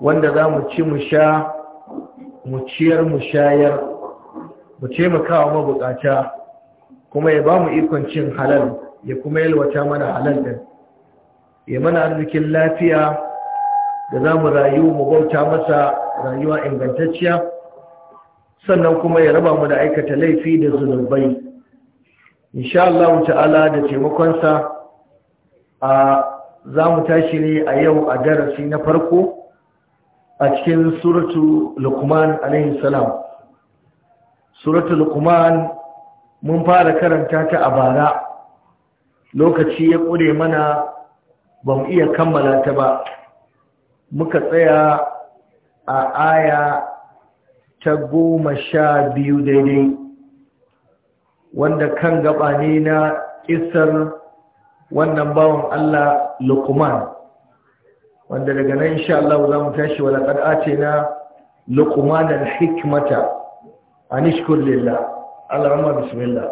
wanda za mu ci mu sha mu ciyar mu shayar mu taimakawa mabukata kuma ya ba mu ikon cin halal ya kuma yalwata mana halal din ya mana arzikin lafiya da za mu rayu mu bauta masa rayuwa ingantacciya sannan kuma ya raba mu da aikata laifi da zunubai insha Allah ta'ala da taimakonsa a za mu tashi ne a yau a darasi na farko a cikin suratu lukman alayhi salam suratu lukman mun fara karanta ta a bara lokaci ya ƙure mana ba mu iya kammala ta ba muka tsaya a aya ta goma sha biyu daidai wanda kan gaba ne na isar. wannan bawan Allah Luqman wanda daga nan insha Allah za mu tashi wala qad atina Luqman al-hikmata an ishkur lillah Allahumma bismillah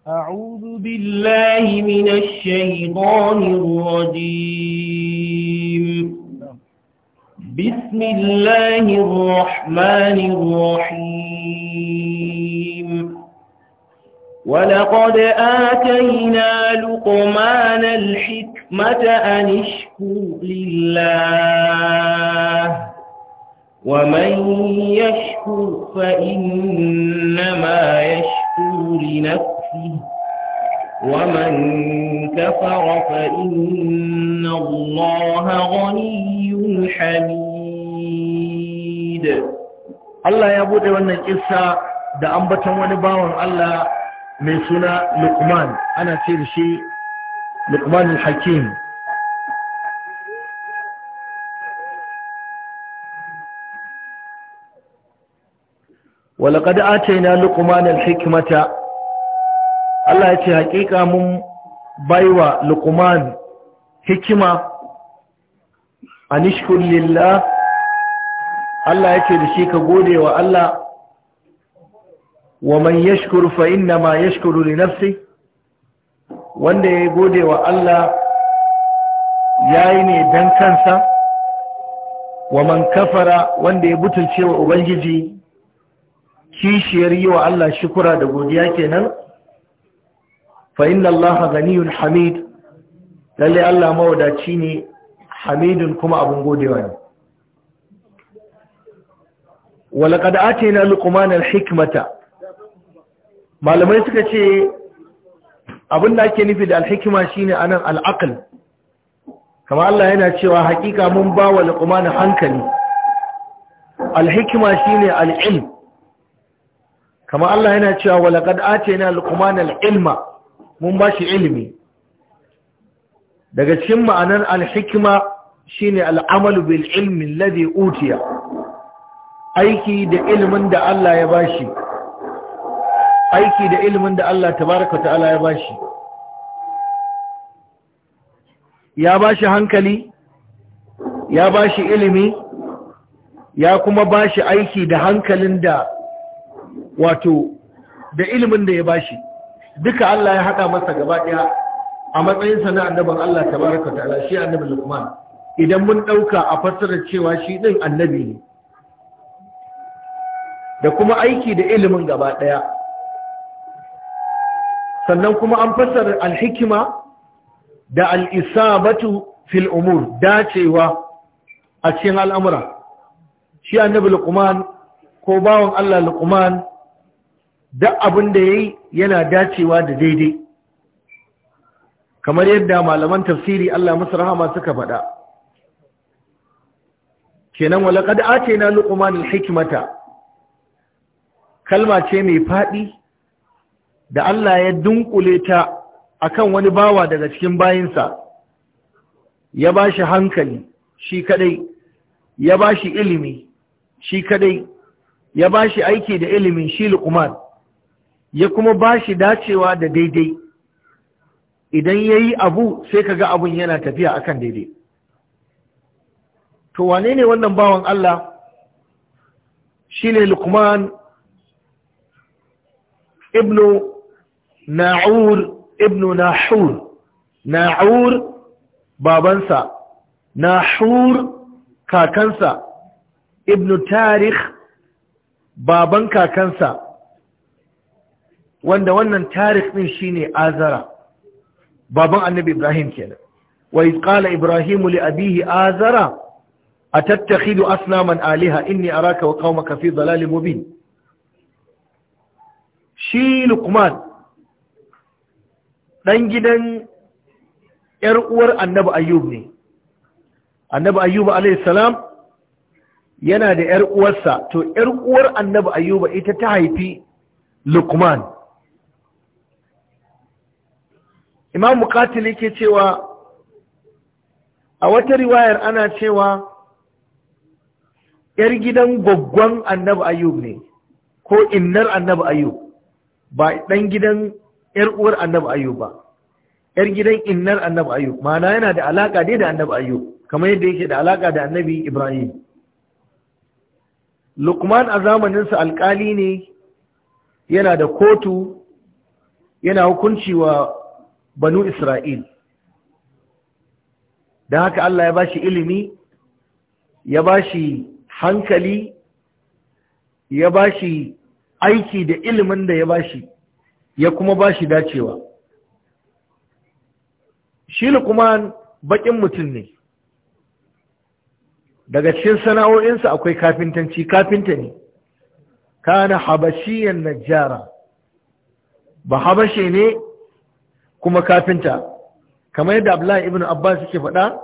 أعوذ بالله من الشيطان الرجيم بسم الله الرحمن الرحيم ولقد آتينا لقمان الحكمة أن اشكر لله ومن يشكر فإنما يشكر لنفسه ومن كفر فإن الله غني حميد الله يبوت وانا القصة da ambaton wani bawan Allah mai suna lukman ana ce da shi lukman hakim ce na lukman alhikmata Allah ya ce haƙiƙa mun baiwa lukman hikima a nishkun lillah Allah ya ce da shi ka gode wa Allah ومن يشكر فإنما يشكر لنفسه wanda ya gode wa Allah ya yi ne don kansa wa man kafara wanda ya butulce wa Ubangiji kishiyar yi wa Allah shukura da godiya kenan fa inna Allah ganiyun hamid lalle Allah mawadaci ne hamidun kuma abin godewa ne ولقد آتينا لقمان hikmata. malamai suka ce abin da ake nufi da alhikima shine anan al'aql kama Allah yana cewa hakika mun ba wa luqman hankali alhikima shine al'il kama Allah yana cewa wa ace na luqman al'ilma mun ba shi ilimi daga cikin ma'anar alhikima shine al'amalu bil ilmi ladi utiya aiki da ilimin da Allah ya bashi aiki da ilimin da Allah tabaraka ta'ala ya bashi ya bashi hankali ya bashi ilimi ya kuma bashi aiki da hankalin da wato da ilimin da ya bashi duka Allah ya haɗa masa gaba ɗaya a matsayinsa na daban Allah tabaraka ta'ala shi Annabi Luqman idan mun ɗauka a fassara cewa shi ɗin annabi ne da kuma aiki da ilimin gaba ɗaya sannan kuma an fassara alhikima da al'isabatu fil umur dacewa a cikin al'amura shi annabi luqman ko bawan Allah luqman duk abin da yayi yana dacewa da daidai kamar yadda malaman tafsiri Allah masu rahama suka faɗa kenan walaƙad atena luqman alhikimata. kalma ce mai faɗi da Allah ya dunkule ta a kan wani bawa daga cikin bayinsa ya ba shi hankali shi kadai ya ba shi ilimi shi kadai ya ba shi aiki da ilimin shi luqman ya kuma ba shi dacewa da daidai idan ya yi abu sai ka ga abun yana tafiya akan daidai to wane ne wannan bawan Allah shi ne lukman ibnu na'ur Ibn nahur na'ur babansa nahur kakansa Ibn tarikh baban kakansa wanda wannan tarikh din shine azara baban annabi ibrahim kenan wa iz qala ibrahim li abihi azara atattakhidu asnaman aliha inni araka wa qaumaka fi dhalalin mubin shi luqman ɗan gidan ‘yar uwar annabi ayyub ne annabi ayyub alaihissalam yana da ‘yar uwarsa to ‘yar uwar annabi Ayyub ita ta haifi lukman imam mukatil yake cewa a wata riwayar ana cewa ‘yar gidan gwaggon annabi ayyub ne ko innar annabi ayyub ba ɗan gidan yar uwar annabi ayyub ba yar gidan innar annabi ayyub ma'ana yana da alaka dai da annabi ayyub kamar yadda yake da alaka da annabi ibrahim lukman a zamaninsa alkali ne yana da kotu yana hukunci wa banu isra'il don haka allah ya bashi ilimi ya bashi hankali ya bashi aiki da ilimin da ya bashi ya kuma ba shi dacewa shi lukman baƙin mutum ne daga cikin sana'o'insa akwai kafintanci kafinta ne kana habashiyan najjara ba habashe ne kuma kafinta kamar yadda abdullahi ibn abbas yake faɗa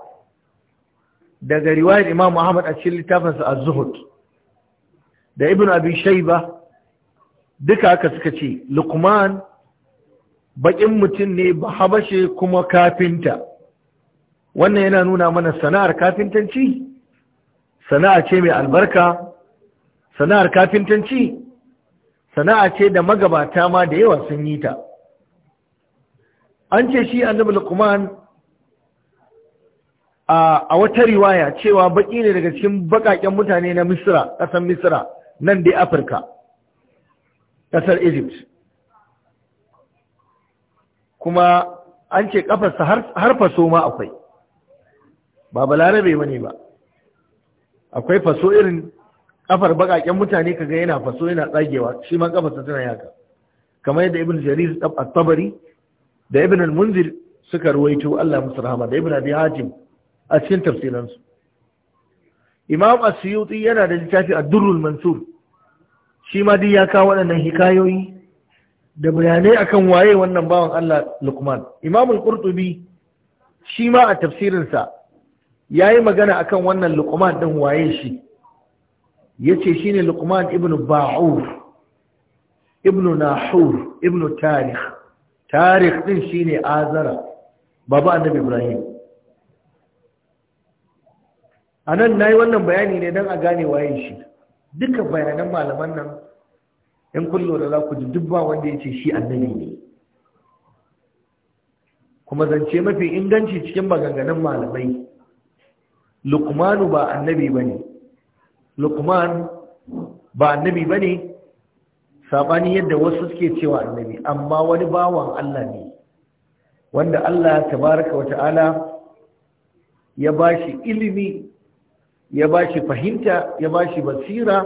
daga riwayar imam ahmad a cikin littafinsa az-zuhud da ibn abi shayba duka aka suka ce lukman baƙin mutum ne ba habashe kuma kafinta wannan yana nuna mana sana'ar kafintanci sana'a ce mai albarka sana'ar kafintanci sana'a ce da magabata ma da yawa sun yi ta an ce shi annabi lukman a wata riwaya cewa baƙi ne daga cikin baƙaƙen mutane na misra ƙasar misra nan dai afirka ƙasar egypt kuma an ce ƙafarsa har faso ma akwai ba balarabe ba ne ba akwai faso irin ƙafar baƙaƙen mutane kaga yana faso yana tsagewa shi ma ƙafarsa tana yaka kamar yadda ibn jarir tabari da ibn al-munzir suka ruwaito Allah musu rahama da ibn abi hatim a cikin tafsiransu imam as-suyuti yana da littafi ad-durrul mansur shi ma duk ya kawo waɗannan hikayoyi da bayanai akan waye wannan bawan Allah Luqman Imam al-Qurtubi shi ma a tafsirinsa yayi magana akan wannan Luqman din waye shi yace shine Luqman ibn Ba'ur ibn Nahur ibn Tarikh Tarikh din shine Azara baba Annabi Ibrahim anan nayi wannan bayani ne dan a gane waye shi duka bayanan malaman nan in kun da za ku ji duk ba wanda ya ce shi annabi ne kuma zance mafi inganci cikin maganganun malamai lukmanu ba annabi ba ne lukman ba annabi ba ne saɓani yadda wasu suke cewa annabi amma wani bawan allah ne wanda allah tabaraka wata'ala ya ba shi ilimi ya ba shi fahimta ya ba shi basira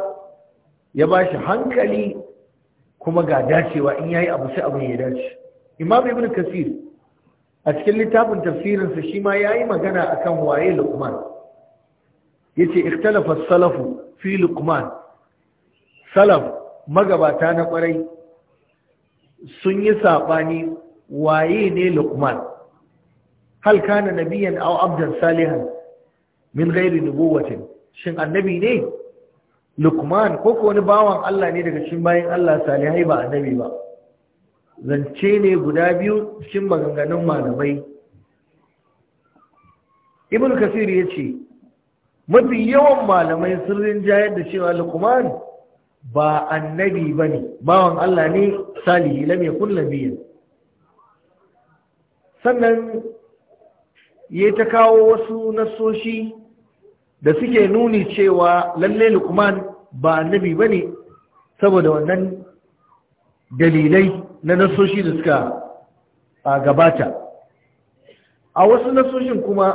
ya ba shi hankali kuma ga dacewa in ya yi abu sai abin ya dace imam ibn kasir a cikin littafin tafsirinsa shi ma yi magana a kan waye luqman yace ikhtalafar salafu fi luqman salaf magabata na kwarai sun yi saɓani waye ne luqman hal na nabiyan au abdan salihan min ghairi nubuwatin shin annabi ne lukman ko ko wani bawan Allah ne daga cikin bayan Allah salihai ba annabi ba zance ne guda biyu cikin maganganun malamai ibn kasir ya ce mafi yawan malamai sun rinjayar da cewa lukman ba annabi ba ne bawan Allah ne salihi lam yakun biyan. sannan ya ta kawo wasu nasoshi da suke nuni cewa lalle lukman ba annabi bane saboda wannan dalilai na nasoshi da suka a gabata a wasu nasoshin kuma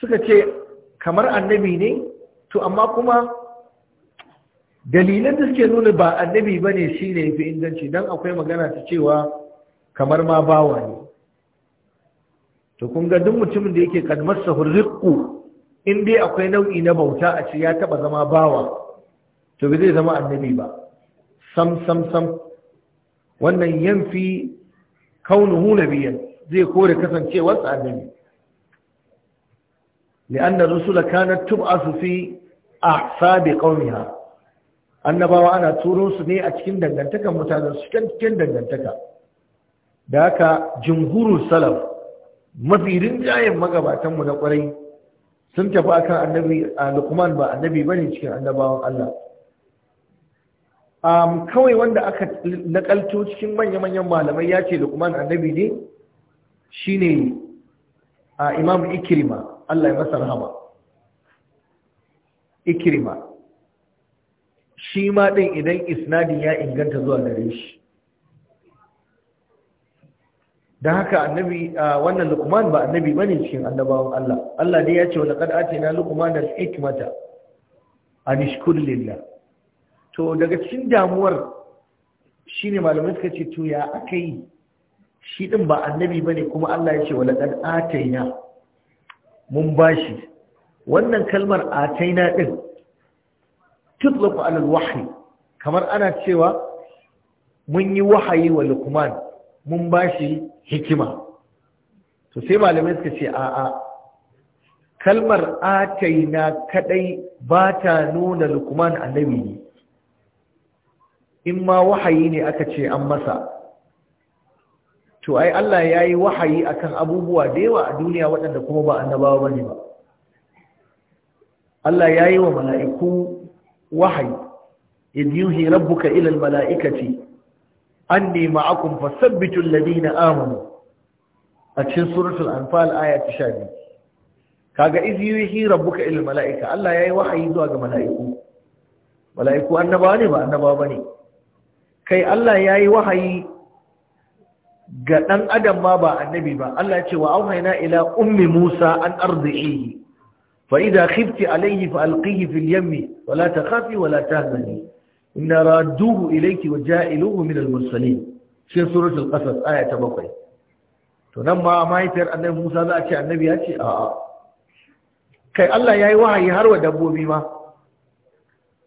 suka ce kamar annabi ne to amma kuma dalilan da suke nuna ba annabi bane shine shi fi inganci don akwai magana ta cewa kamar ma bawa ne to kun ga duk mutumin da yake kad masahu in dai akwai nau'i na bauta a ce ya taba zama bawa to bai zai zama annabi ba sam sam sam wannan yanfi kaunuhu nabiyan zai kore kasancewar sa annabi لأن الرسل كانت tub'asu fi أحساب قومها annabawa ana turo su ne a cikin dangantakan mutanen su cikin dangantaka. da haka jumhurul salaf mafi rinjayen magabatanmu na kwarai sun tafi akan annabi a lukman ba annabi bane cikin annabawan Allah um, kawai wanda aka nakalto cikin manya-manyan malamai ya ce lukman annabi ne shine a imam ikirima Allah ya masa rahama ikirima shi ma ɗin idan isnadin ya inganta zuwa gare shi da haka annabi wannan lukman ba annabi bane cikin annabawan Allah Allah dai ya ce wala qad atina lukman al-hikmata an ishkur lillah to daga cikin damuwar shine malamai suka ce to ya akai shi din ba annabi bane kuma Allah ya ce wala qad ataina mun bashi wannan kalmar ataina din tutlaqu ala al-wahyi kamar ana cewa mun yi wahayi wa lukman mun ba shi hikima to sai malamai suka ce a'a kalmar ataina kadai ba ta nuna lukman annabi ne in ma wahayi ne aka ce an masa to ai Allah ya yi wahayi akan abubuwa da yawa a duniya waɗanda kuma ba annabawa ba ne ba Allah ya yi wa mala'iku wahayi idiyuhi rabbuka ila al-mala'ikati anni ma'akum fasabbitul ladina amanu a cikin suratul anfal aya ta 12 kaga iz yuhi rabbuka ilal malaika Allah yayi wahayi zuwa ga malaiku malaiku annabawa ne ba annabawa bane kai Allah yayi wahayi ga dan adam ma ba annabi ba Allah ya ce wa auhayna ila ummi Musa an ardihi فإذا خفت عليه فألقيه في اليم ولا تخافي ولا تهزني inna radduhu ilayki wa ja'iluhu min al-mursalin shi suratul qasas aya ta bakwai to nan ma mahaifiyar annabi Musa za a ce annabi ya ce a'a kai Allah yayi wahayi har wa dabbobi ma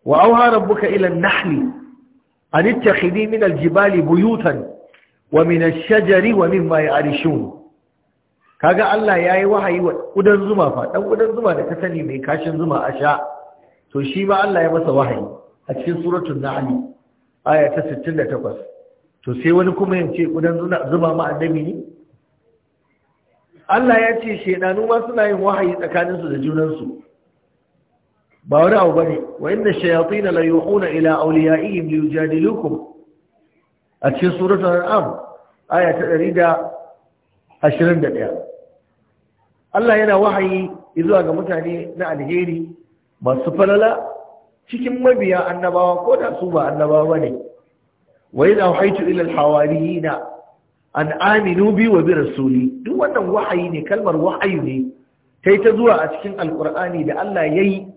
wa auha rabbuka ila an-nahli an ittakhidhi min al-jibali buyutan wa min ash-shajari wa mimma ya'rishun kaga Allah yayi wahayi wa ƙudan zuma fa dan kudan zuma da ka sani mai kashin zuma a sha to shi ma Allah ya masa wahayi a cikin suratul nahl aya ta 68 to sai wani kuma ya ce kudan zuba ma annabi ne Allah ya ce shedanu ma suna yin wahayi tsakaninsu da junansu ba wani abu bane wa inna shayatin la yuhuna ila awliyaihim liyujadilukum a cikin suratul an'am aya ta 121 Allah yana wahayi zuwa ga mutane na alheri masu falala cikin mabiya annabawa ko da su ba annabawa bane wa idha uhaytu ila al na. an aminu bi wa bi rasuli duk wannan wahayi ne kalmar wahayi ne kai ta zuwa a cikin alkur'ani da Allah yayi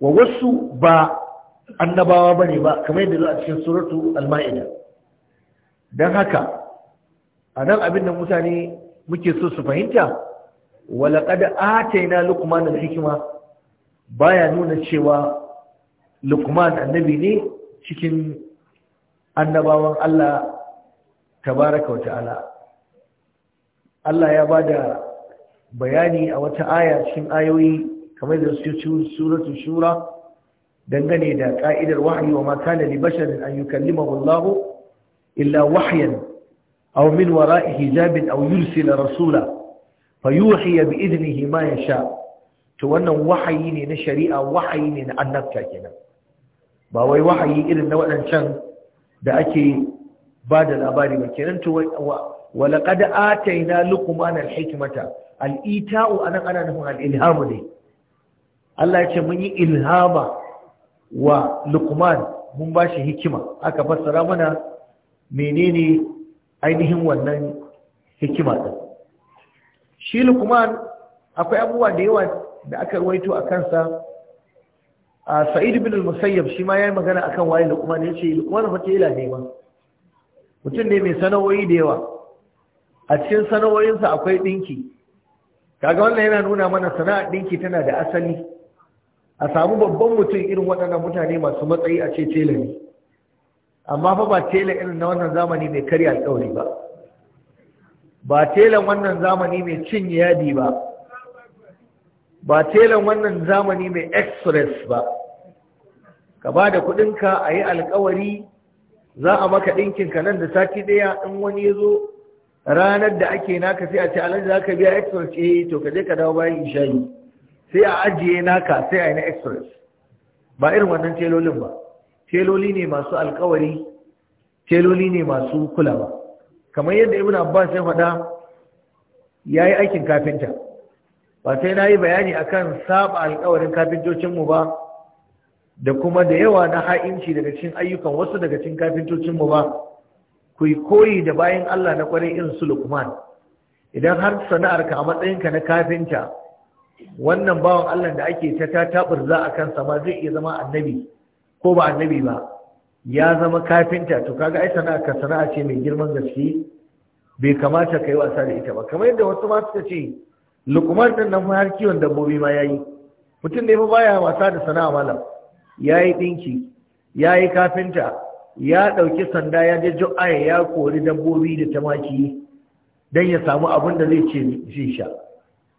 wa wasu ba annabawa ne ba kamar yadda zuwa a cikin suratu al Don dan haka anan abin da mutane muke so su fahimta wa laqad atayna luqman al-hikma baya nuna cewa lukman annabi ne cikin annabawan Allah tabaraka wa ta'ala Allah ya bada bayani a wata aya cikin ayoyi kamar da su suratu shura dangane da ka'idar wahyi wa ma kana li basharin an yukallimahu Allah illa wahyan aw min wara'i hijabin aw yursila rasula fayuhi bi idnihi ma yasha to wannan wahayi ne na shari'a wahayi ne na annabta kenan ba wai wahayi irin na waɗancan da ake ba da labari ba kenan to wala qad atayna luqman al-hikmata al-ita'u anan ana nufin al ne Allah ya ce mun yi ilhama wa luqman mun ba shi hikima aka fassara mana menene ainihin wannan hikima din shi luqman akwai abubuwa da yawa da aka ruwaito a kansa a sa'id ibn al-musayyab shi ma yayi magana akan waye luqman yace luqman fa tela ne ba mutum ne mai sanawoyi da yawa a cikin sanawoyinsa akwai dinki kaga wannan yana nuna mana sana'ar dinki tana da asali a samu babban mutum irin waɗannan mutane masu matsayi a ce tela ne amma fa ba tela irin na wannan zamani mai karya alƙawari ba ba telan wannan zamani mai cin yadi ba ba telan wannan zamani mai express ba ka ba da ka a yi alkawari za a maka ɗinkin ka nan da sati ɗaya in wani ya zo ranar da ake naka sai a ce alhaji za ka biya express eh to ka je ka dawo bayan ishayi sai a ajiye naka sai a yi na express ba irin wannan telolin ba teloli ne masu alkawari teloli ne masu kulawa kamar yadda ibn abbas ya faɗa ya yi aikin kafinta ba sai na yi bayani akan saba alkawarin kafintocinmu ba da kuma da yawa na ha'inci daga cikin ayyukan wasu daga cikin kafintocinmu ba ku yi koyi da bayan Allah na kwarai irin su Lukman idan har sana'ar ka a matsayin ka na kafinta wannan bawan Allah da ake ta tatabur za a kansa ma zai iya zama annabi ko ba annabi ba ya zama kafinta to kaga ai ka sana'a ce mai girman gaske bai kamata ka yi wasa da ita ba kamar yadda wasu ma suka ce Lukumar din nan har kiwon dabbobi ma yayi mutum ne fa baya wasa da sana'a malam yayi dinki yayi kafinta ya ɗauki sanda ya je ju'aya ya kori dabbobi da tamaki dan ya samu abin da zai ce zai sha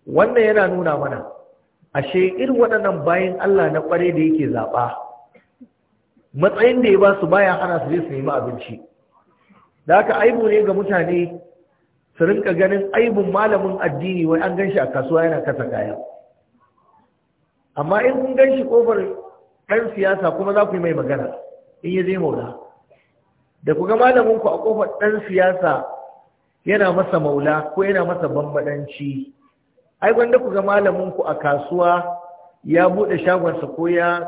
wannan yana nuna mana ashe irin waɗannan bayan Allah na kware da yake zaɓa. matsayin da ya ba su baya hana su je su nemi abinci da haka aibu ne ga mutane su rinka ganin aibin malamin addini wai an ganshi a kasuwa yana kasa kaya amma in kun ganshi kofar ɗan siyasa kuma za ku yi mai magana in yi zai maula da ku ga malamin ku a kofar ɗan siyasa yana masa maula ko yana masa bambadanci ai gwanda ku ga malamin ku a kasuwa ya buɗe shagonsa ko ya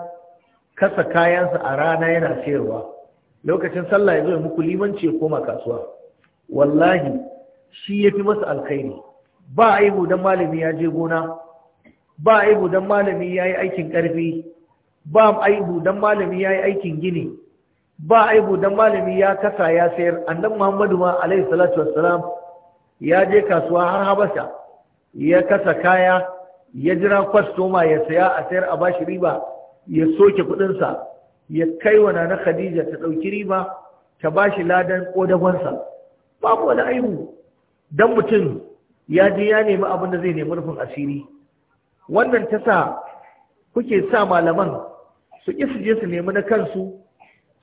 kasa kayansa a rana yana sayarwa lokacin sallah ya zo ya muku limanci ya koma kasuwa wallahi shi ya fi masa alkhairi ba yi don malami ya je gona ba yi don malami ya yi aikin ƙarfi ba yi don malami ya yi aikin gini ba yi don malami ya kasa ya sayar annan muhammadu ma alaihi salatu wassalam ya je kasuwa har habasha ya kasa kaya ya jira kwastoma ya saya a sayar a bashi riba ya soke kudinsa ya kai wa na khadija ta ɗauki riba ta bashi ladan ƙodagonsa babu wani aibu dan mutum ya je ya nemi abin da zai nemi rufin asiri wannan ta sa kuke sa malaman su ƙi su je su nemi na kansu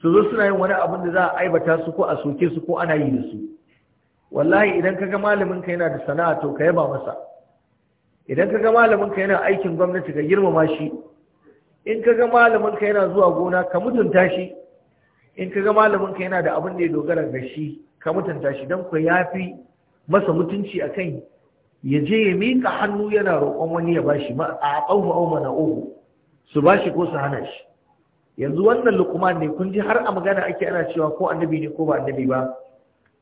su zo suna yin wani abin da za a aibata su ko a soke su ko ana yi da su wallahi idan ka ga malamin ka yana da sana'a to ka yaba masa idan ka ga malamin ka yana aikin gwamnati ka girmama shi in ka ga malamin ka yana zuwa gona ka mutunta shi in ka ga malamin ka yana da abin da ya dogara ga shi ka mutunta shi don ku yafi masa mutunci a akan ya je ya mika hannu yana roƙon wani ya bashi ma a ƙauhu au mana uhu su bashi ko su hana shi yanzu wannan lukuman ne kun ji har a magana ake ana cewa ko annabi ne ko ba annabi ba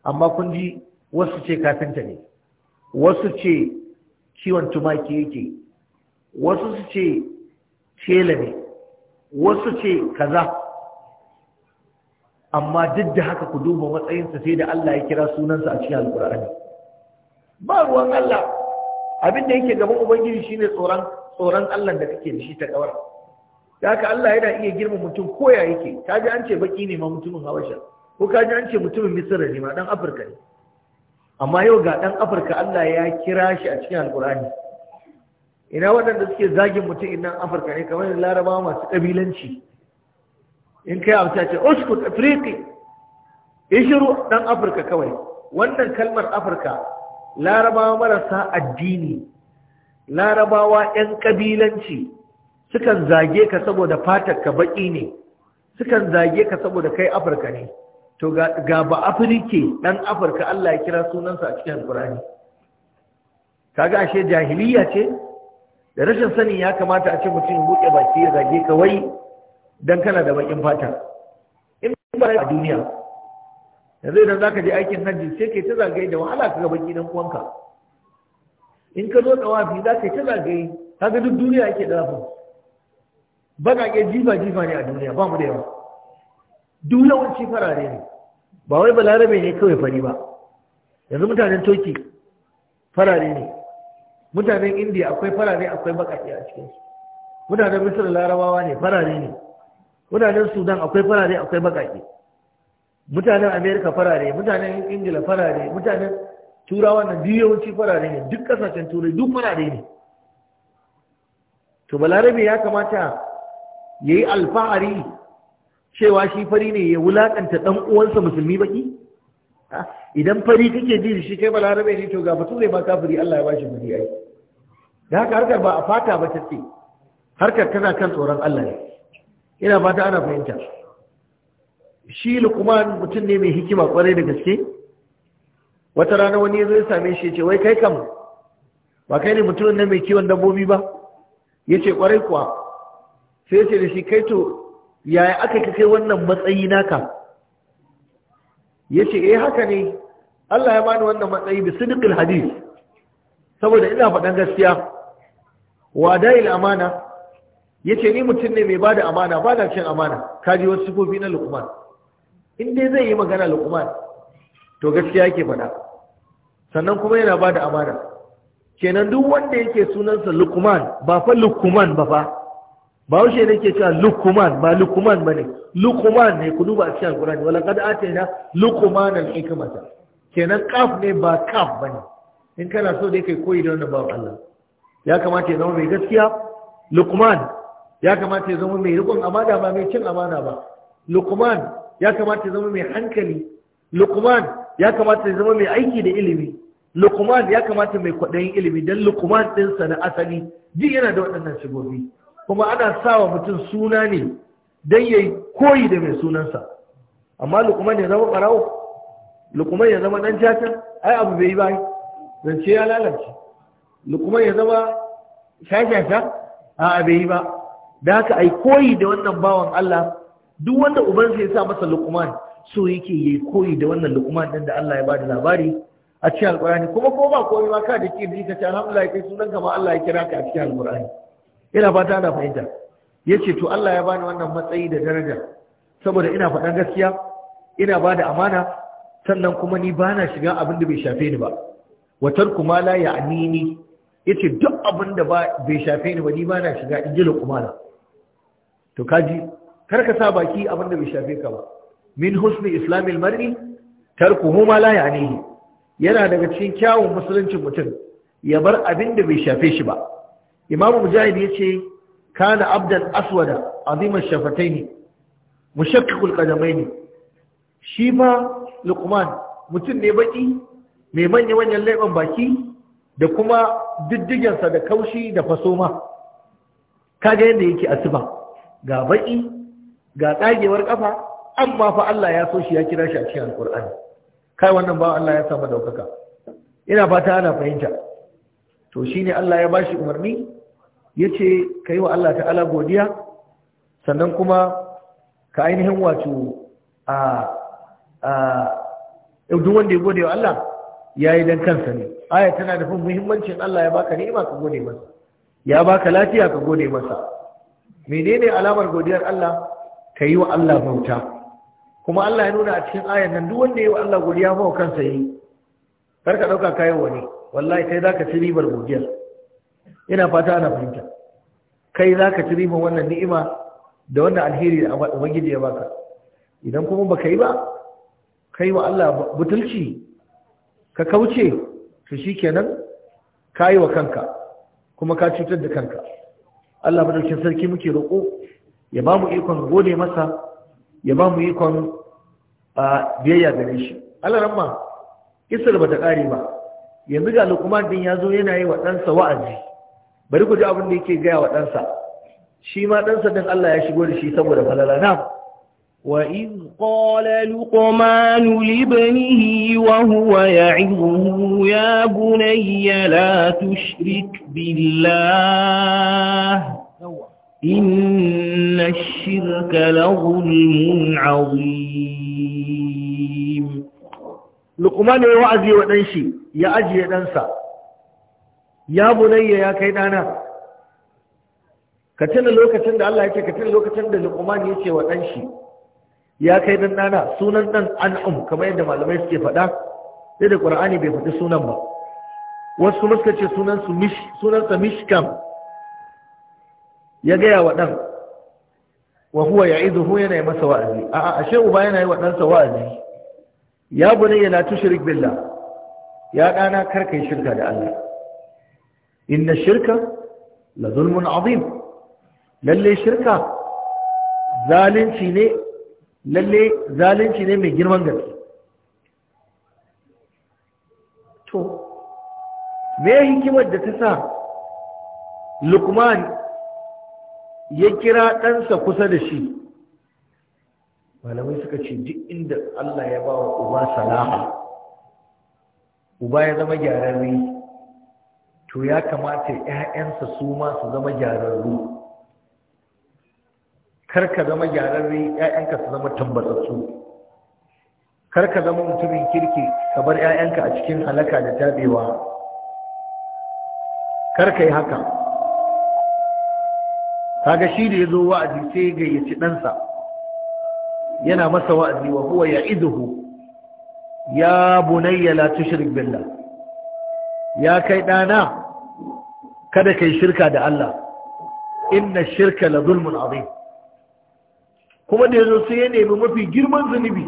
amma kun ji wasu ce kafinta ne wasu ce kiwon tumaki yake wasu su ce tela ne wasu ce kaza amma duk da haka ku duba matsayinsa sai da Allah ya kira sunansa a cikin alƙur'ani ba ruwan Allah abin da yake gaban ubangiji shine tsoron tsoron Allah da kake da shi ta kawar Ya ka Allah yana iya girma mutum koya yake kaji an ce baki ne ma mutumin Habasha ko kaji an ce mutumin Misra ne ma dan Afirka ne amma yau ga dan Afirka Allah ya kira shi a cikin Alqur'ani. ina wadanda suke zagin mutum nan Afirka ne kamar Larabawa masu kabilanci in kai amsa ce uskut afriqi ishiru dan Afirka kawai wannan kalmar Afirka larabawa marasa addini larabawa 'yan kabilanci sukan zage ka saboda fatar ka baƙi ne sukan zage ka saboda kai afirka ne to ga ba afirke ɗan afirka allah ya kira sunansa a cikin alkurani kaga ashe jahiliya ce da rashin sani ya kamata a ce mutum buɗe baki ya zage ka wai don kana da baƙin fata in ba a duniya yanzu idan ka je aikin hajji sai kai ta zagaye da wahala ka gaban gidan uwanka in ka zo tsawafi za ka yi ta zagaye ga duk duniya ake tsawafin baƙaƙe jifa jifa ne a duniya ba mu da yawa duk yawanci farare ne ba wai balarabe ne kawai fari ba yanzu mutanen toki farare ne mutanen indiya akwai farare akwai baƙaƙe a cikinsu mutanen misir larabawa ne farare ne mutanen sudan akwai farare akwai baƙaƙe mutanen amerika farare mutanen ingila farare mutanen turawa na biyu yawanci farare ne duk kasashen turai duk farare ne to balarabe ya kamata ya yi alfahari cewa shi fari ne ya wulakanta ɗan uwansa musulmi baki idan fari kake ji shi kai balarabe ne to ga bature ba kafiri Allah ya bashi kudi ai da haka harkar ba a fata ba ce harkar tana kan tsoron Allah ne ina fata ana fahimta shi lukman mutum ne mai hikima kwarai da gaske wata rana wani ya zo same shi ya ce wai kai kam ba kai ne mutumin nan mai kiwon dabbobi ba ya ce kwarai kuwa sai ya ce da shi kai to yaya aka kai wannan matsayi naka ya ce eh haka ne Allah ya bani wannan matsayi bi sidiqil hadith saboda ina faɗan gaskiya wa da'il amana yace ni mutum ne mai bada amana bada cin amana kaji wasu sifofi na lukman. in dai zai yi magana lukman to gaskiya yake faɗa sannan kuma yana ba da amana kenan duk wanda yake sunansa lukman ba fa lukman ba fa Ba bawushe ne ke cewa lukman ba ba ne. lukman ne ku duba a cikin alqur'ani wala qad na luqman al-hikmata kenan kaf ne ba kaf ne. in kana so da kai koyi da wannan bawan Allah ya kamata ya zama mai gaskiya lukman ya kamata ya zama mai rikon amana ba mai cin amana ba lukman ya kamata ya zama mai hankali lukman ya kamata ya zama mai aiki da ilimi lukman ya kamata mai kwaɗayin ilimi don lukman ɗinsa na asali ji yana da waɗannan shigobi kuma ana sawa mutum suna ne don ya koyi da mai sunansa amma lukman ya zama ɓarawo lukman ya zama ɗan jata ai abu bai yi ba zance ya lalace lukman ya zama shashasha a bai yi ba da haka ai koyi da wannan bawan Allah duk wanda ubansa ya sa masa luqman so yake yi koyi da wannan luqman din da Allah ya bada labari a cikin alqur'ani kuma ko ba komai ma ka da ke ji ka ce alhamdulillah kai sunan ka ma Allah ya kira ka a cikin alqur'ani ina fata da fahimta yace to Allah ya bani wannan matsayi da daraja saboda ina faɗan gaskiya ina bada amana sannan kuma ni bana shiga abin da bai shafe ni ba wa tarku ma la ya'nini yace duk abin da bai shafe ni ba ni bana shiga in ji to kaji Karka sa baki abin da bai shafe ka ba min husni islamil mar'i tarku huma la ya'nihi yana daga cikin kyawun musuluncin mutum ya bar abin da bai shafe shi ba imamu mujahid yace kana abdan aswada azima shafataini mushakkikul qadamaini shi fa luqman mutum ne baki mai manya manyan laiban baki da kuma diddigensa da kaushi da fasoma kaga yadda yake asuba ga baki ga tsagewar kafa amma fa Allah ya so shi ya kira shi a cikin alkur'ani kai wannan ba Allah ya samu daukaka ina fata ana fahimta to shine Allah ya bashi umarni yace kai wa Allah ta'ala godiya sannan kuma ka ainihin wato a a duk wanda ya gode wa Allah yi dan kansa ne aya tana da muhimmancin Allah ya baka ni'ima ka gode masa ya baka lafiya ka gode masa menene alamar godiyar Allah ka yi wa Allah bauta kuma Allah ya nuna a cikin ayan nan duk wanda ya yi wa Allah godiya ma kansa yi kar ka ɗauka kayan wani wallahi kai za ka ci ribar godiyar ina fata ana fahimta kai za ka ci ribar wannan ni'ima da wannan alheri da ubangiji ya baka idan kuma baka yi ba kai wa Allah butulci ka kauce to shikenan ka yi wa kanka kuma ka cutar da kanka Allah madaukin sarki muke roƙo ya ba mu ikon gode masa ya ba mu ikon a biyayya gare shi alaran ma isar ba ta ƙari ba yanzu ga lokumar din ya zo yana yi wa ɗansa wa'azi bari ku ji abin da yake gaya wa ɗansa shi ma ɗansa din Allah ya shigo da shi saboda falala na وإذ قال لقمان لابنه وهو يعظه يا بني لا تشرك بالله إن الشرك لظلم عظيم لقمان وعزي ودنشي يا أجي ننسى يا بني يا كيدانا ka tuna lokacin da Allah ya ce ka tuna lokacin da Luqman ya wa dan ya kai dan nana sunan dan an'um kamar yadda malamai suke faɗa sai da ƙur'ani bai faɗi sunan ba wasu kuma suka ce sunan su ya gaya wa ɗan wa huwa ya izuhu yana masa wa'azi a ashe uba yana yi wa ɗansa wa'azi ya bunayya la tushrik billa ya ɗana karka yi shirka da Allah inna shirka la zulmun azim lalle shirka zalunci ne lalle zalunci ne mai girman gaske to me hikimar da ta sa Lukman ya kira ɗansa kusa da shi malamai suka ce duk inda Allah ya ba wa uba salaha uba ya zama gyararri to ya kamata ‘ya'yansa su ma su zama gyararru karka zama gyararri ‘ya'yanka su zama tambatsatsu karka zama mutumin kirki ka bar ‘ya'yanka a cikin halaka da tabewa karka yi haka kaga shi da ya zo wa'azi sai ga ɗansa yana masa wa'azi wa huwa ya'iduhu ya bunayya la tushrik billah ya kai ɗana kada kai shirka da Allah inna shirka la zulmun azim kuma da yazo sai ya nemi mafi girman zunubi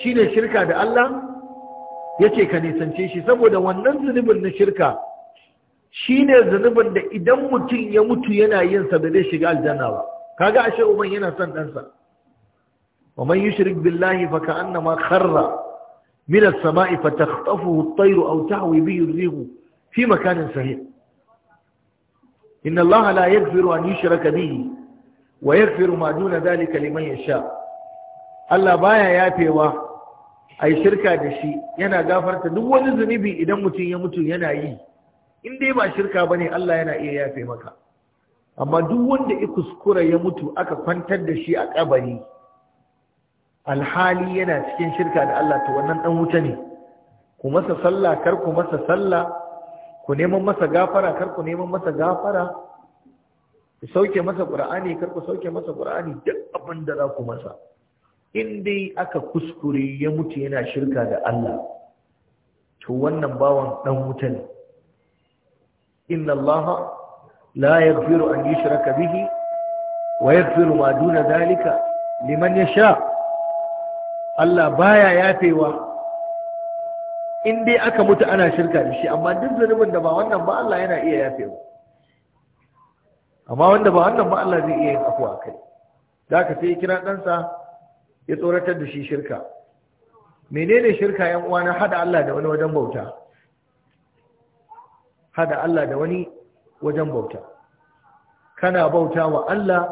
shine shirka da Allah yace ka nisance shi saboda wannan zunubin na shirka Shi ne zunubin da idan mutum ya mutu yana yin sa da zai shiga aljanna ba kaga ashe uban yana son ɗansa wa man yushrik billahi fa ka'annama kharra min as-sama'i fa takhtafuhu at-tayru aw tahwi bihi ar-rihu fi makanin sahih inna allaha la yaghfiru an yushraka bihi wa yaghfiru ma duna dhalika liman yasha Allah baya yafewa ai shirka da shi yana gafarta duk wani zunubi idan mutum ya mutu yana yi in dai ba shirka bane Allah yana iya yafe maka amma duk wanda ya kuskura ya mutu aka kwantar da shi a kabari alhali yana cikin shirka da Allah to wannan dan wuta ne ku masa sallah kar ku masa sallah ku neman masa gafara kar ku neman masa gafara ku sauke masa qur'ani kar ku sauke masa qur'ani duk abin da za ku masa in dai aka kuskure ya mutu yana shirka da Allah to wannan bawan dan wuta ne inna allaha la yaghfiru an yushraka bihi wa yaghfiru ma duna dhalika liman Allah baya yafewa in dai aka mutu ana shirka da shi amma duk zunubin da ba wannan ba Allah yana iya yafewa amma wanda ba wannan ba Allah zai iya yin afuwa kai Za ka sai kira ɗansa ya tsoratar da shi shirka menene shirka yan uwa na hada Allah da wani wajen bauta hada Allah da wani wajen bauta kana bauta wa Allah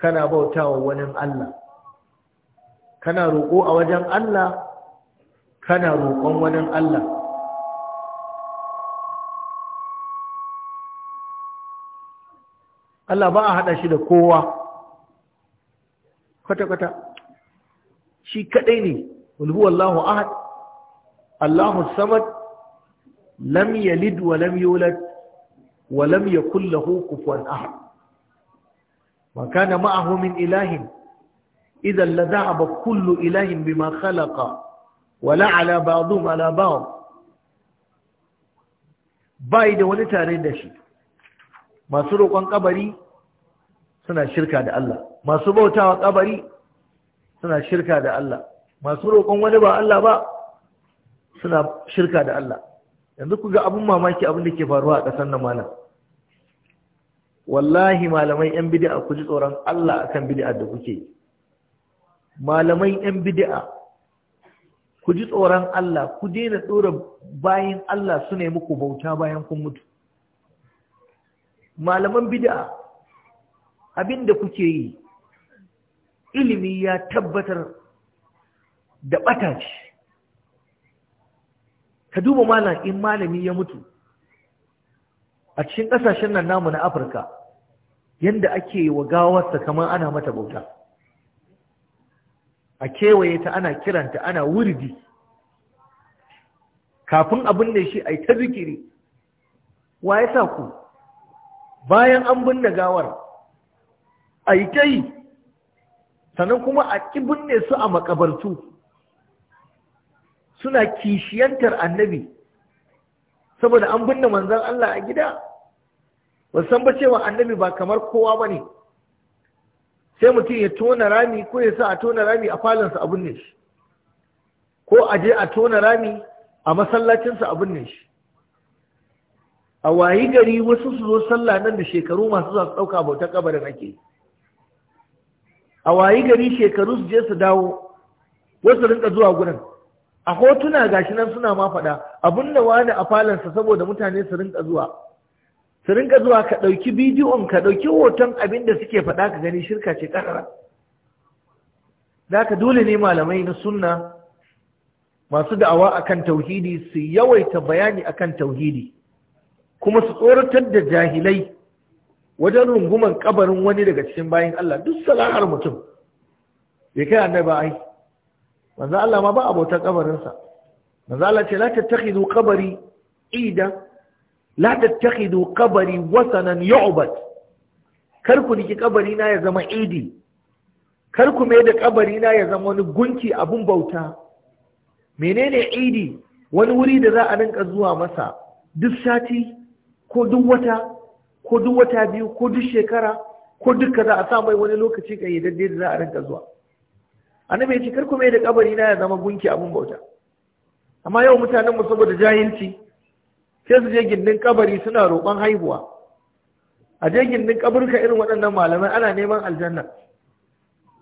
kana bauta wa wani Allah kana roƙo a wajen Allah kana roƙon wani Allah Allah ba a haɗa shi da kowa kwata-kwata shi kadai ne walhuwallahu ahad Allahu samad lam yalid wa lam yulad wa lam yakul lahu kufuwan ahad ma kana ma'ahu min ilahin idan la dhahaba kullu ilahin bima khalaqa wa la ala ba'dhum ala ba'd bai da wani tare da shi masu roƙon kabari suna shirka da Allah masu bautawa kabari suna shirka da Allah masu roƙon wani ba Allah ba suna shirka da Allah yanzu ku ga abin mamaki abin da ke faruwa a ƙasar nan malam wallahi malamai yan bid'a ku ji tsoron Allah akan bid'a da kuke malamai yan bid'a ku ji tsoron Allah ku daina tsoron bayan Allah su ne muku bauta bayan kun mutu malaman bid'a abin da kuke yi ilimi ya tabbatar da ɓata ce ka duba malam in malami ya mutu a cikin ƙasashen nan namu na afirka yadda ake yi wa gawarsa kamar ana mata bauta a kewaye ta ana kiranta ana wurdi kafin abin da shi a yi ta zikiri wa ya sa ku bayan an binne gawar a yi ta yi sannan kuma a ƙi binne su a makabartu suna kishiyantar annabi saboda an binne manzan Allah a gida ba san ba cewa annabi ba kamar kowa ba ne sai mutum ya tona rami ko ya sa a tona rami a falonsa a binne shi ko a je a tona rami a masallacinsa a binne shi a wayi gari wasu su zo sallah nan da shekaru masu zuwa ɗauka bautar kabarin ake a wayi gari shekaru su je su dawo wasu rinka zuwa gurin a hotuna gashi nan suna ma faɗa Abun da wani a falansa saboda mutane su rinka zuwa su rinka zuwa ka ɗauki bidiyon ka ɗauki hoton abin da suke faɗa ka gani shirka ce ƙarara Zaka dole ne malamai na sunna masu da'awa akan tauhidi su yawaita bayani akan tauhidi kuma su tsoratar da jahilai wajen runguman kabarin wani daga cikin bayan Allah duk salahar mutum bai kai ba ai manzo Allah ma ba abotan kabarinsa manzo Allah ce la tattakhidu qabri ida la tattakhidu qabri wasanan yu'bad kar ku niki kabari na ya zama idi kar ku mai da kabari na ya zama wani gunki abun bauta menene idi wani wuri da za a rinka zuwa masa duk sati ko duk wata ko duk wata biyu ko duk shekara ko duk kaza, a sa mai wani lokaci kayyadadde da za a rinka zuwa annabi ya ce karku mai da kabari na ya zama gunki abun bauta amma yau mutanen mu saboda jahilci sai su je gindin kabari suna roƙon haihuwa a je gindin kaburka irin waɗannan malamai ana neman aljanna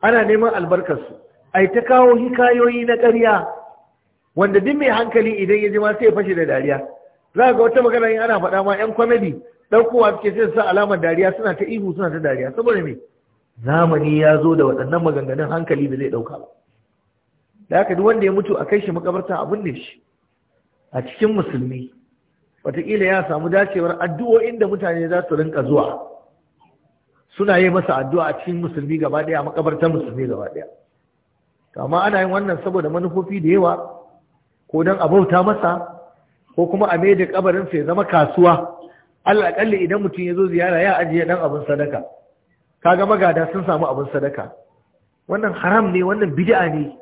ana neman albarkarsu ai ta kawo hikayoyi na ƙarya wanda duk mai hankali idan ya ji ma sai fashe da dariya za ga wata magana in ana faɗa ma 'yan kwamedi ɗaukowa suke sai su sa alamar dariya suna ta ihu suna ta dariya saboda me zamani ya zo da waɗannan maganganun hankali da zai ɗauka ba da haka wanda ya mutu a kai shi makabarta abin ne shi a cikin musulmi wataƙila ya samu dacewar addu'o'in da mutane za su rinka zuwa suna yi masa addu'a a cikin musulmi gaba ɗaya a makabartar musulmi gaba ɗaya amma ana yin wannan saboda manufofi da yawa ko don a bauta masa ko kuma a mai da kabarin sai zama kasuwa alaƙalla idan mutum ya zo ziyara ya ajiye ɗan abin sadaka Ka ga magada sun samu abin sadaka wannan haram ne wannan bid'a ne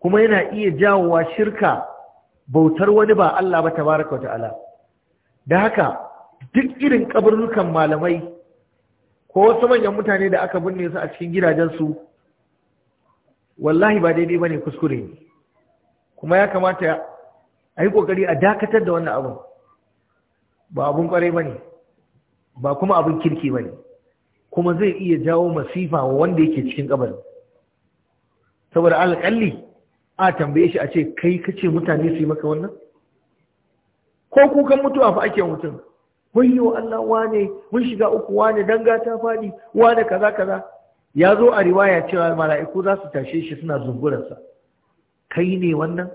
kuma yana iya jawowa shirka bautar wani ba Allah ba tabaraka wata'ala da haka duk irin kaburukan malamai ko wasu manyan mutane da aka binne su a cikin gidajen su, wallahi ba daidai bane kuskure ne kuma ya kamata a yi kokari a dakatar da wannan abin ba abun kwarai bane ba kuma abin kirki bane kuma zai iya jawo masifa wa wanda yake cikin kabari saboda alƙalli a tambaye shi a ce kai kace mutane su yi maka wannan ko kukan mutuwa fa ake mutum wayyo Allah wane mun shiga uku wane danga ta fadi wane kaza kaza ya zo a riwaya cewa mala'iku za su tashe shi suna zungurarsa kai ne wannan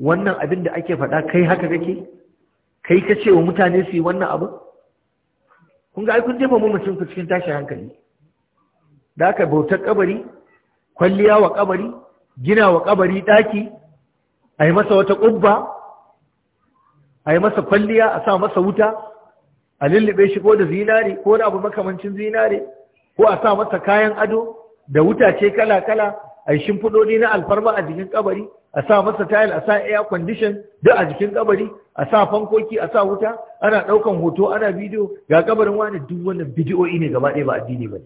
wannan abin da ake faɗa kai haka kake kai kace wa mutane su yi wannan abin? kun ga ai kun jefa mamacin ku cikin tashin hankali da aka bautar kabari kwalliya wa kabari gina wa kabari daki a yi masa wata ƙubba a yi masa kwalliya a sa masa wuta a lullube shi ko da zinare ko da abu makamancin zinare ko a sa masa kayan ado da wutace kala-kala a yi shimfiɗoɗi na alfarma a jikin kabari a sa masa tayil, a sa air condition duk a jikin kabari a sa fankoki a sa wuta ana daukan hoto ana bidiyo ga kabarin wani duk wannan bidiyo ne gaba ɗaya ba addini ba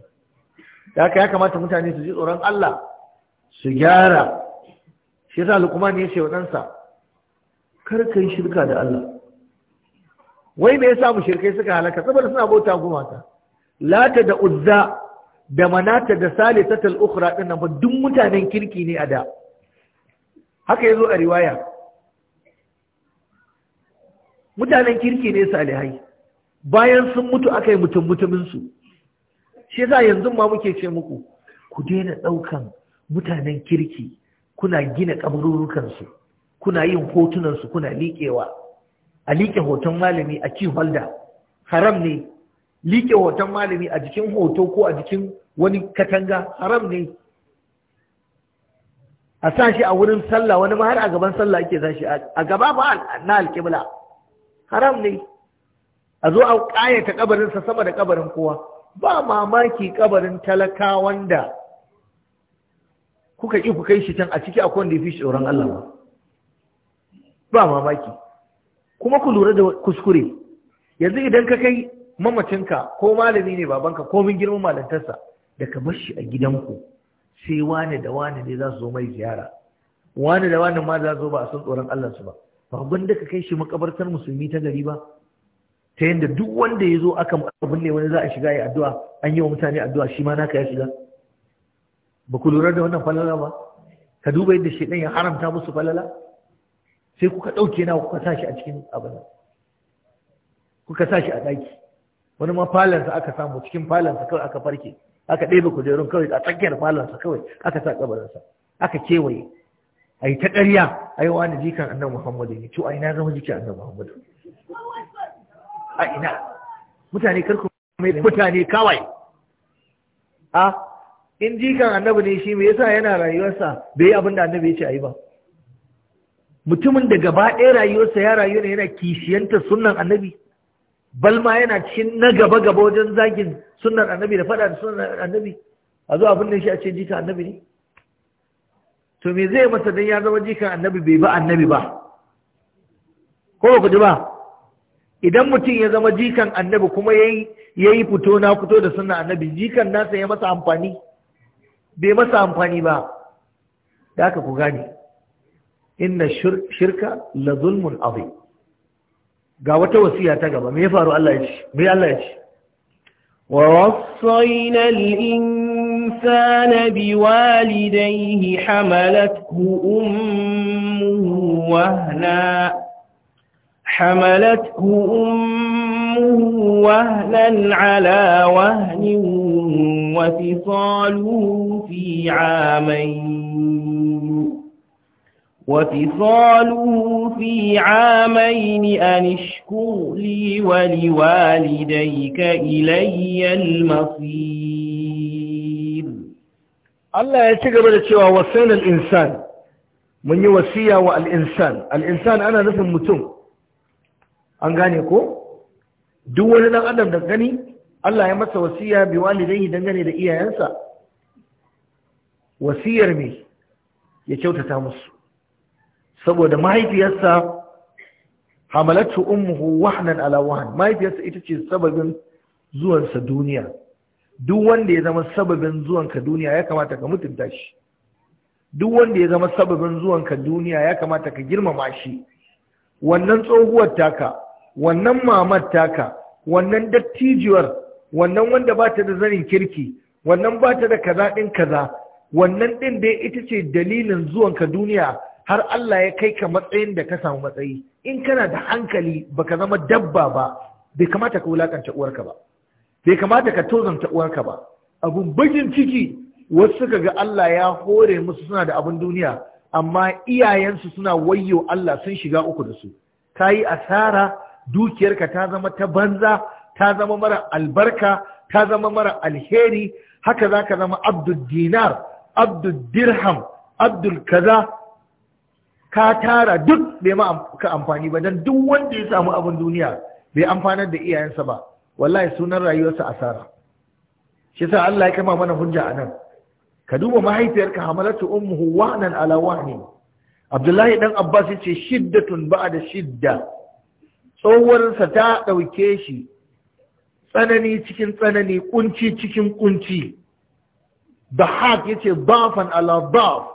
da haka ya kamata mutane su ji tsoron Allah su gyara shi yasa Luqman ya ce wa ɗansa kar ka shirka da Allah wai me yasa mu shirkai suka halaka saboda suna bauta gumaka lata da uzza da manata da salisatul ukhra din ba duk mutanen kirki ne a da haka ya zo a riwaya mutanen kirki ne salihai bayan sun mutu aka yi mutum mutuminsu shi yasa yanzu ma muke ce muku ku daina ɗaukan mutanen kirki kuna gina kabururukan kuna yin hotunansu, kuna liƙewa a liƙe hoton malami a ci holda haram ne liƙe hoton malami a jikin hoto ko a jikin wani katanga haram ne a sa shi a wurin sallah wani ma har a gaban sallah ake sa shi a gaba ba na alƙibla haram ne a zo a ƙayata kabarinsa sama da kabarin kowa ba mamaki kabarin talaka wanda kuka ƙi ku kai shi can a ciki akwai wanda fi shi tsoron Allah ba ba mamaki kuma ku lura da kuskure yanzu idan ka kai mamacinka ko malami ne babanka ko min girman malantarsa da ka bar shi a gidanku sai wane da wani ne za su zo mai ziyara wani da wani ma za su zo ba a san tsoron Allah su ba ba gwanda ka kai shi makabartar musulmi ta gari ba ta yadda duk wanda ya zo aka abin ne wani za a shiga ya addu'a an yi wa mutane addu'a shi ma naka ya shiga ba ku lura da wannan falala ba ka duba yadda shi ya haramta musu falala sai kuka ɗauke na kuka sa shi a cikin abin kuka sa shi a ɗaki wani ma falansa aka samu cikin falansa kawai aka farke aka ɗebe kujerun kawai a tsakiyar falonsa kawai aka sa kabarinsa aka kewaye a yi ta ƙarya a yi wani jikan annan muhammadu ne a ina zama jikin annan muhammadu a ina mutane karku mai mutane kawai a in jikan annabi ne shi me yasa yana rayuwarsa bai yi abin da annabi ya ce a yi ba mutumin da gaba ɗaya rayuwarsa ya rayu ne yana kishiyanta sunan annabi bal ma yana cikin na gaba gaba wajen zagin sunan annabi da faɗa da sunan annabi a zo abin da shi a ce jika annabi ne to me zai masa dan ya zama jikan annabi bai ba annabi ba ko ku ji ba idan mutum ya zama jikan annabi kuma yayi yayi fito na fito da sunan annabi jikan nasa ya masa amfani bai masa amfani ba da aka ku gane inna shirka la zulmun azim ga wata wasiya ta gaba me ya faru Allah ya ce me Allah ya ce ووصينا الإنسان بوالديه حملته أمه وهنا حملته أمه وهنا على وهن وفصاله في عامين وفصاله في عامين أن اشكر لي ولوالديك إلي المصير الله يتقبل الشواء وصيل الإنسان mun yi wasiya wa al'insan al'insan ana nufin mutum an gane ko duk wani ɗan adam da gani Allah ya masa wasiya bi walidai dangane da iyayensa wasiyar me ya kyautata musu saboda mahaifiyarsa hamalatu ummuhu wahnan ala wahn mahaifiyarsa ita ce sababin zuwansa duniya duk wanda ya zama sababin zuwanka duniya ya kamata ka mutunta shi duk wanda ya zama sababin zuwanka duniya ya kamata ka girmama shi wannan tsohuwar taka wannan mamar taka wannan dattijuwar wannan wanda ba ta da zanin kirki wannan ba ta da kaza ɗin kaza wannan ɗin dai ita ce dalilin zuwanka duniya har Allah ya kai ka matsayin da ka samu matsayi in kana da hankali baka zama dabba ba bai kamata ka wulakanta uwarka ba bai kamata ka tozanta uwarka ba abun bakin ciki wasu suka ga Allah ya hore musu suna da abin duniya amma iyayensu suna wayyo Allah sun shiga uku da su Ta yi asara dukiyarka ta zama ta banza ta zama mara albarka ta zama mara alheri haka za ka zama abdul dinar abdul dirham abdul kaza ka tara duk bai ma ka amfani ba don duk wanda ya samu abin duniya bai amfanar da iyayensa ba wallahi sunan rayuwarsa asara shi sa Allah ya kama mana hujja a nan. ka duba mahaifiyarka hamalatu ummuhu wahnan ala wahni Abdullahi dan Abbas yace shiddatun ba'da shidda tsowarsa ta dauke shi tsanani cikin tsanani kunci cikin kunci da hak yace bafan ala baf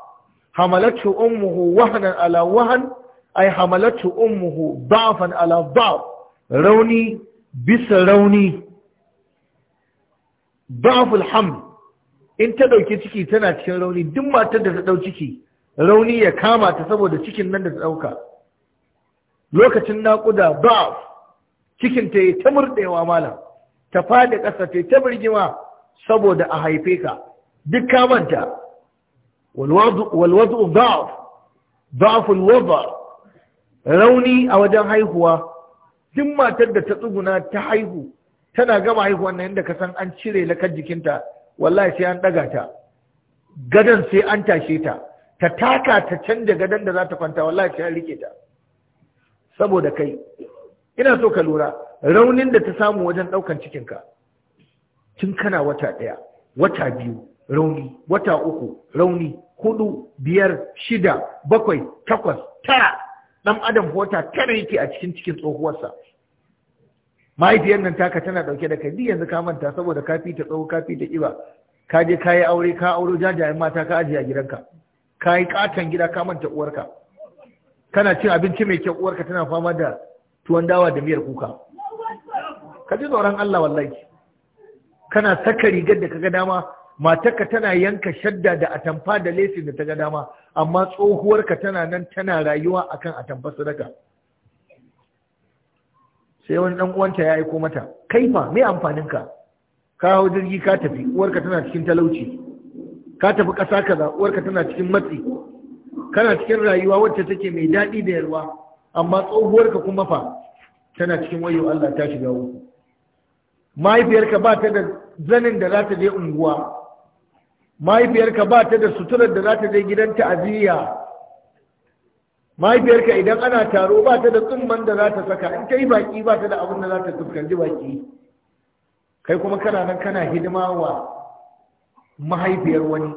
حملته ummuhu وهنا على wahan ay حملته ummuhu ضعفا على da'f rauni bisa rauni ضعف الحمل in ta ɗauki ciki tana cikin rauni duk matar da ta dau ciki rauni ya kama ta saboda cikin nan da ta dauka lokacin naƙuda da'f cikin ta yi ta murɗewa malam ta fadi ƙasa ta yi ta birgima saboda a haife ka duk kamanta والوضع ضعف ضعف الوضع rauni a wajen haihuwa duk matar da ta tsuguna ta haihu tana gama haihuwa nan inda ka san an cire lakar jikinta wallahi sai an daga ta gadon sai an tashe ta ta taka ta canja gadon da za ta kwanta wallahi sai an rike ta saboda kai ina so ka lura raunin da ta samu wajen ɗaukan cikinka tun kana wata ɗaya wata biyu rauni wata uku rauni hudu biyar shida bakwai takwas tara dan adam wata tara yake a cikin cikin tsohuwarsa mahaifiyar nan taka tana dauke da kai yanzu ka manta saboda ka fi ta tsawo ka fi ta ƙiba, ka je ka yi aure ka auro jajayen mata ka ajiye a gidanka ka yi katon gida ka manta uwarka kana cin abinci mai kyau uwarka tana fama da tuwon dawa da miyar kuka ka ji tsoron Allah wallahi kana saka rigar da ka ga dama mataka tana yanka shadda da atamfa da lesin da ta ga dama amma tsohuwarka tana nan tana rayuwa akan atamfa sadaka sai wani dan uwanta ya aiko mata kaifa me amfanin ka ka hawo jirgi ka tafi uwarka tana cikin talauci ka tafi kasa kaza uwarka tana cikin matsi kana cikin rayuwa wacce take mai daɗi da yarwa amma tsohuwarka kuma fa tana cikin wayo Allah ta shiga uku mahaifiyarka ba ta da zanin da za ta je unguwa mahaifiyarka ba ta da suturar da za ta je gidan ta'aziyya mahaifiyarka idan ana taro ba ta da tsumman da za ta saka in kai yi baki ba ta da abin da za ta fuskanci baki kai kuma kana nan kana hidima wa mahaifiyar wani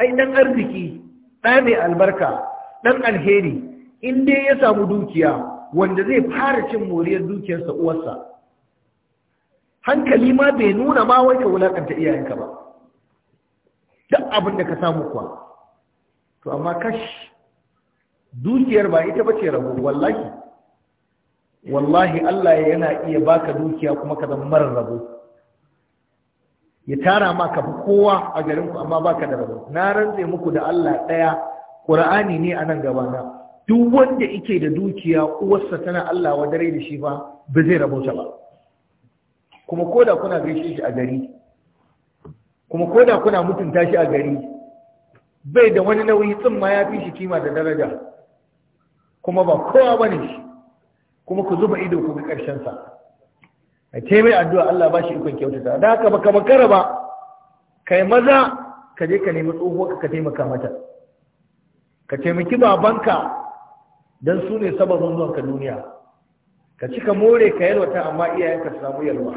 ai dan arziki ɗa mai albarka ɗan alheri in dai ya samu dukiya wanda zai fara cin moriyar dukiyarsa uwarsa hankali ma bai nuna ma wai ka wulakanta iyayenka ba duk abin da ka samu kuwa to amma kash dukiyar ba ita bace rabo wallahi wallahi Allah yana iya baka dukiya kuma ka zama marar rabo ya tara ma ka fi kowa a garinku amma baka da rabo na rantse muku da Allah ɗaya Ƙur'ani ne a nan gabana duk wanda yake da dukiya uwarsa tana Allah dare da shi ba ba zai ta ba kuma koda kuna gaishe shi a gari kuma koda kuna mutunta shi a gari bai da wani nauyi ma ya fi shi kima da daraja kuma ba kowa ba ne shi kuma ku zuba ido ku ga ƙarshen sa a ce mai addu'a Allah ba shi ikon kyautata da haka baka makara ba kai maza ka je ka nemi tsohuwa ka taimaka mata ka taimaki babanka don su ne sababin zuwanka duniya ka cika more ka yalwata amma iyayenka ka samu yalwa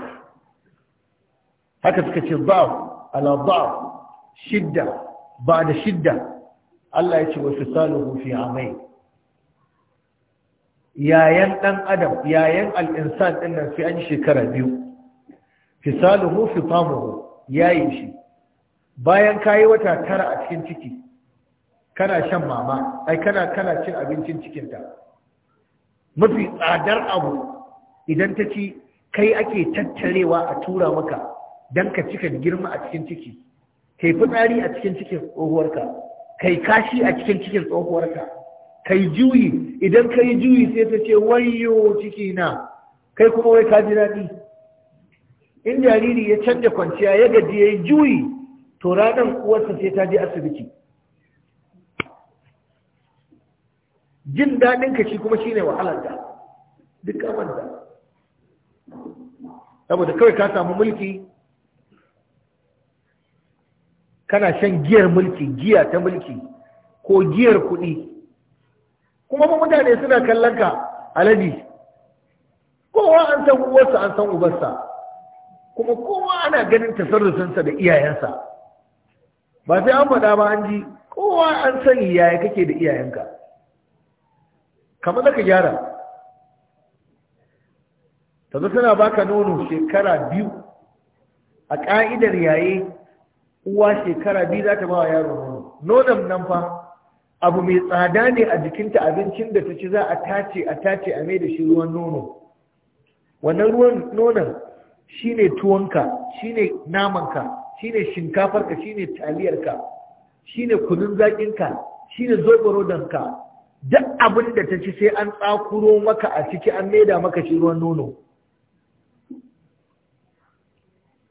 haka suka ce ba'u ala ba'u shidda ba da shidda Allah ya ce wa fisaluhu fi amai yayan dan adam yayan al-insan din nan sai an shekara biyu fisaluhu fi tamuhu yayi shi bayan kayi wata tara a cikin ciki kana shan mama ai kana kana cin abincin cikinta mafi tsadar abu idan ta ci kai ake tattarewa a tura maka don ka cika girma a cikin ciki kai fitsari a cikin cikin tsohuwarka kai kashi a cikin cikin tsohuwarka kai juyi idan kai juyi sai ta ce wayo ciki na kai kuma wai ka ji daɗi in jariri ya canja kwanciya ya gaji ya yi juyi to ranar uwarsa sai ta je asibiti jin daɗinka ka shi kuma shi ne ka duk kamanta saboda kawai ka samu mulki kana shan giyar mulki giya ta mulki ko giyar kuɗi kuma ba mutane suna kallon ka alabi kowa an san uwarsa an san ubarsa kuma kowa ana ganin tasarrufinsa da iyayensa ba sai an faɗa ba an ji kowa an sani yaya kake da iyayenka kamar da ka gyara ta zo tana baka nono shekara biyu a ƙa'idar yayi uwa shekara biyu za ta ba wa yaro nono nonon nan fa abu mai tsada ne a jikinta abincin da ta ci za a tace a tace a mai da shi ruwan nono wannan ruwan nonon shi ne tuwonka ne namanka ne shinkafarka shine taliyarka ne kunun zaƙinka shine ne ka. duk abin da ta ci sai an tsakuro maka a ciki an maida maka shi ruwan nono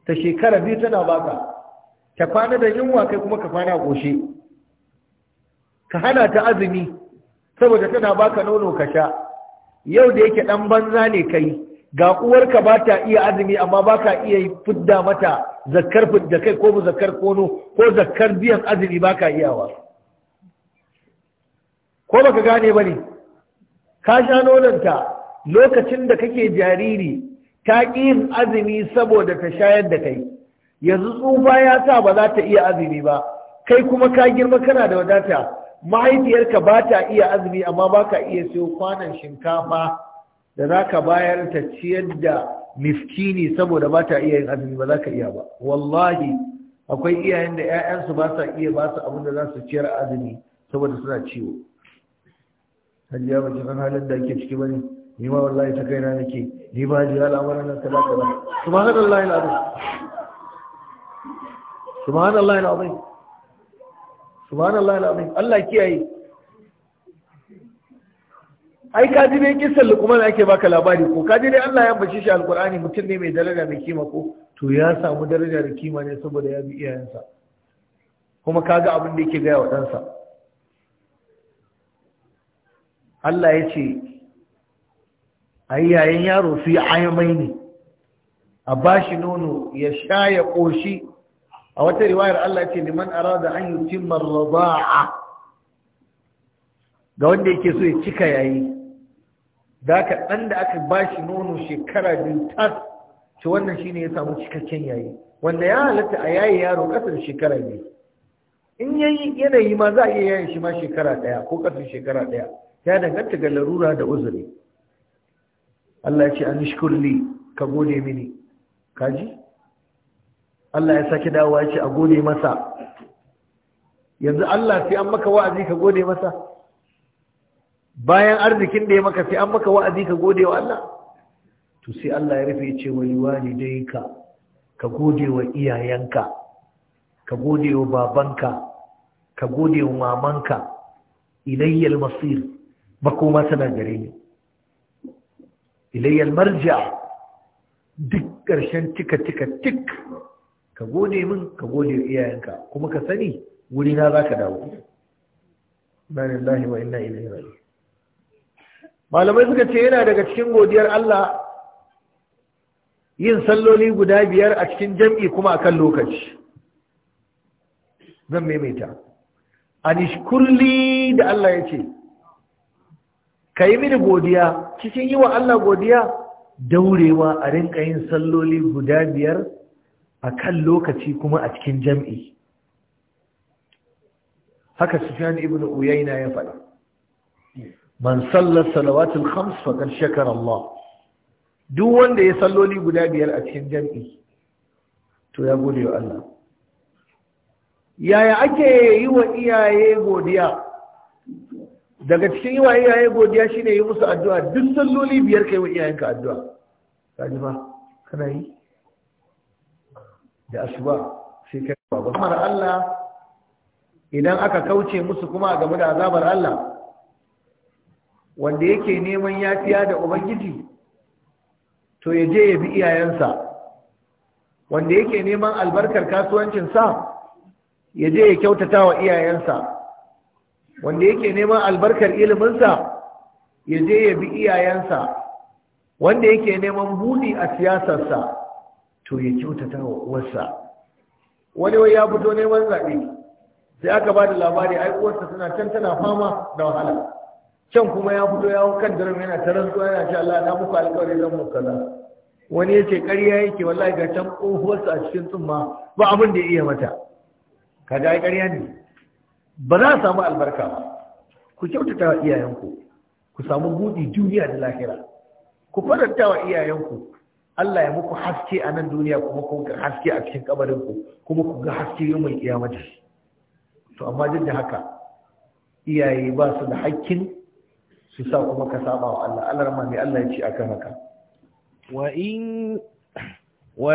ta shekara biyu tana baka ta kwana da yunwa kai kuma ka kwana goshe ka hana ta azumi saboda tana baka nono ka sha yau da yake dan banza ne kai ga uwarka ba ta iya azumi amma ba ka iya fidda mata zakkar fidda kai ko zakkar kono ko zakkar biyan azumi ba ka iyawa ko baka gane ba ne ka sha nononta lokacin da kake jariri ta ƙin azumi saboda ta shayar da kai yanzu tsufa ya sa ba za ta iya azumi ba kai kuma ka girma kana da wadata mahaifiyarka ba ta iya azumi amma ba ka iya siyo kwanan shinkafa da za ka bayar ta ciyar da miskini saboda ba ta iya yin azumi ba za ka iya ba wallahi akwai iyayen da 'ya'yansu ba sa iya ba su abin da za su ciyar azumi saboda suna ciwo hajiya ba ki halin da ake ciki ba ne. ni ma wallahi ta kaina nake ni ba ji al'amuran nan kaza kaza subhanallahi alazim subhanallahi alazim subhanallahi alazim Allah kiyaye ai ka ji dai kisan lukman ake baka labari ko ka ji ne Allah ya bace shi alqur'ani mutum ne mai daraja mai kima ko to ya samu daraja da kima ne saboda ya bi iyayensa kuma kaga abin da yake gaya wa ɗansa Allah ya ce a yayin yaro fi ayyamai ne a bashi nono ya sha ya ƙoshi a wata riwayar Allah ce liman arada an yi cimmar raba'a ga wanda yake so ya cika yayi da aka ɗan da aka bashi nono shekara biyu tas ce wannan shine ya samu cikakken yayi wanda ya halatta a yayi yaro ƙasar shekara biyu in yayi yanayi ma za a iya yayin shi ma shekara ɗaya ko ƙasar shekara ɗaya ya danganta ga larura da uzuri Allah ya ce an shukurli ka gode mini kaji Allah ya sake dawowa ya ce a gode masa yanzu Allah sai an maka wa'azi ka gode masa bayan arzikin da ya maka sai an maka wa'azi ka gode wa Allah to sai Allah ya rufe ya ce wa liwalidayka ka gode wa iyayenka ka gode wa babanka ka gode wa mamanka ilayyal masir makoma tana gare ni ilayyal marja duk ƙarshen tika tika tik ka gode min ka gode iyayenka kuma ka sani wuri na za ka dawo na wa inna ilaihi raji malamai suka ce yana daga cikin godiyar Allah yin salloli guda biyar a cikin jam'i kuma a kan lokaci zan maimaita a da Allah ya ce ka yi mini godiya cikin yi wa Allah godiya daurewa a rinka yin salloli guda biyar a kan lokaci kuma a cikin jam'i haka sufyan ibn uyaina ya faɗa man sallar salawatul khams faqad shekar Allah duk wanda ya salloli guda biyar a cikin jam'i to ya gode wa Allah yaya ake yi wa iyaye godiya daga cikin yi wa iyaye godiya shine yi musu addu'a duk salloli biyar kai wa iyayenka addu'a kaji ba kana yi da asuba sai kai ba kamar Allah idan aka kauce musu kuma a game da azabar Allah wanda yake neman yafiya da ubangiji to ya je ya bi iyayensa wanda yake neman albarkar kasuwancinsa ya je ya kyautata wa iyayensa wanda yake neman albarkar iliminsa ya je ya bi iyayensa wanda yake neman buɗi a siyasarsa to ya kyautata wa uwarsa wani wai ya fito neman zaɓe sai aka ba da labari ai uwarsa tana can tana fama da wahala can kuma ya fito ya kan daren yana ta rantsuwa yana ce Allah na muku alƙawari zan mu kaza wani ya ce ƙarya yake wallahi ga can ƙohuwarsa a cikin tsumma ba abin da ya iya mata kaga ai ƙarya ne ba za a samu albarka ba ku kyautata wa iyayenku ku samu buɗi duniya da lahira ku faranta wa iyayenku Allah ya muku haske a nan duniya kuma ku ga haske a cikin kabarinku kuma ku ga haske yau mai kiyamata to amma duk da haka iyaye ba su da hakkin su sa kuma ka saba wa Allah Allah rahman mai Allah ya ce akan haka wa in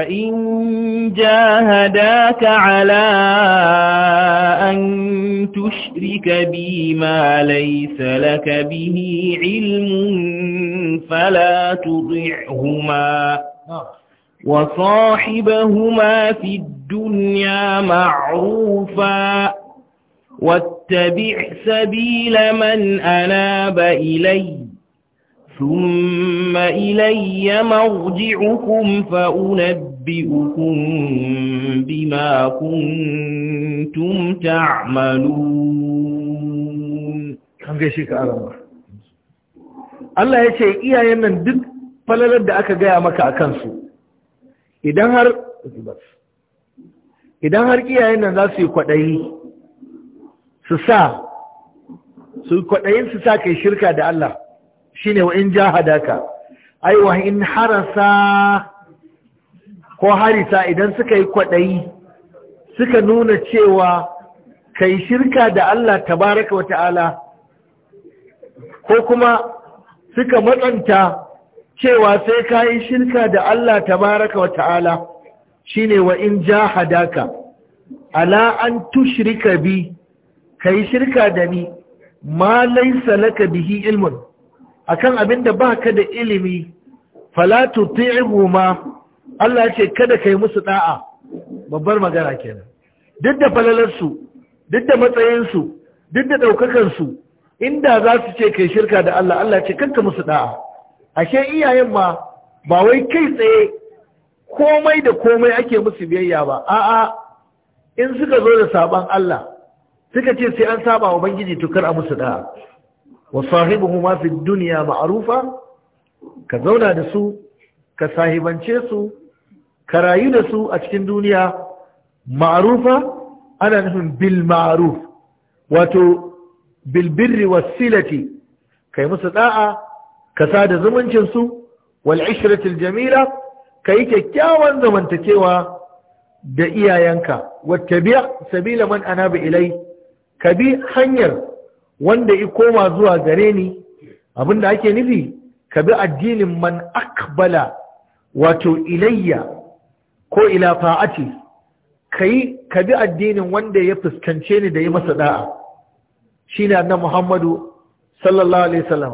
in jahadaka ala يأتيك بما ليس لك به علم فلا تطعهما وصاحبهما في الدنيا معروفا واتبع سبيل من أناب إلي ثم إلي مرجعكم فَأُنَبِّئُكُمْ أنبئكم بما كنتم تعملون kan gaishe ka arama Allah ya ce iyayen nan duk falalar da aka gaya maka a kansu idan har idan har iyayen nan za su yi kwaɗayi su sa su kwaɗayin su sa kai shirka da Allah shine wa in jahadaka ai wa in harasa ko harisa idan suka yi kwaɗayi suka nuna cewa ka yi shirka da Allah tabaraka wa ta'ala ko kuma suka matsanta cewa sai ka yi shirka da Allah tabaraka wa ta'ala shi ne wa in ja hadaka ala an bi ka yi shirka da ni ma laisa laka bihi ilmun akan abin da baka da ilimi fala tuti'hu ma Allah ya ce kada ka yi musu ɗa'a, babbar magana kenan duk da falalarsu duk da matsayinsu duk da ɗaukakansu inda za su ce kai shirka da Allah Allah ce kanka musu da'a ashe iyayen ma ba wai kai tsaye komai da komai ake musu biyayya ba a'a in suka zo da saban Allah suka ce sai an saba wa bangiji to kar a musu da'a wa ma fi dunya ma'rufa ka zauna da su ka sahibance su ka rayu da su a cikin duniya ma'rufa ana nufin bil ma'ruf wato bil birri wasilati kai musu da'a ka sada zumuncin su wal ishratil jamila kai kyakkyawan zamantakewa da iyayenka wattabi sabila man anaba ilai ka bi hanyar wanda ya koma zuwa gare ni abinda ake nufi ka bi addinin man akbala wato ilayya ko ila fa'ati kai ka bi addinin wanda ya fuskance ni da ya masa da'a shine annabi Muhammadu sallallahu alaihi wasallam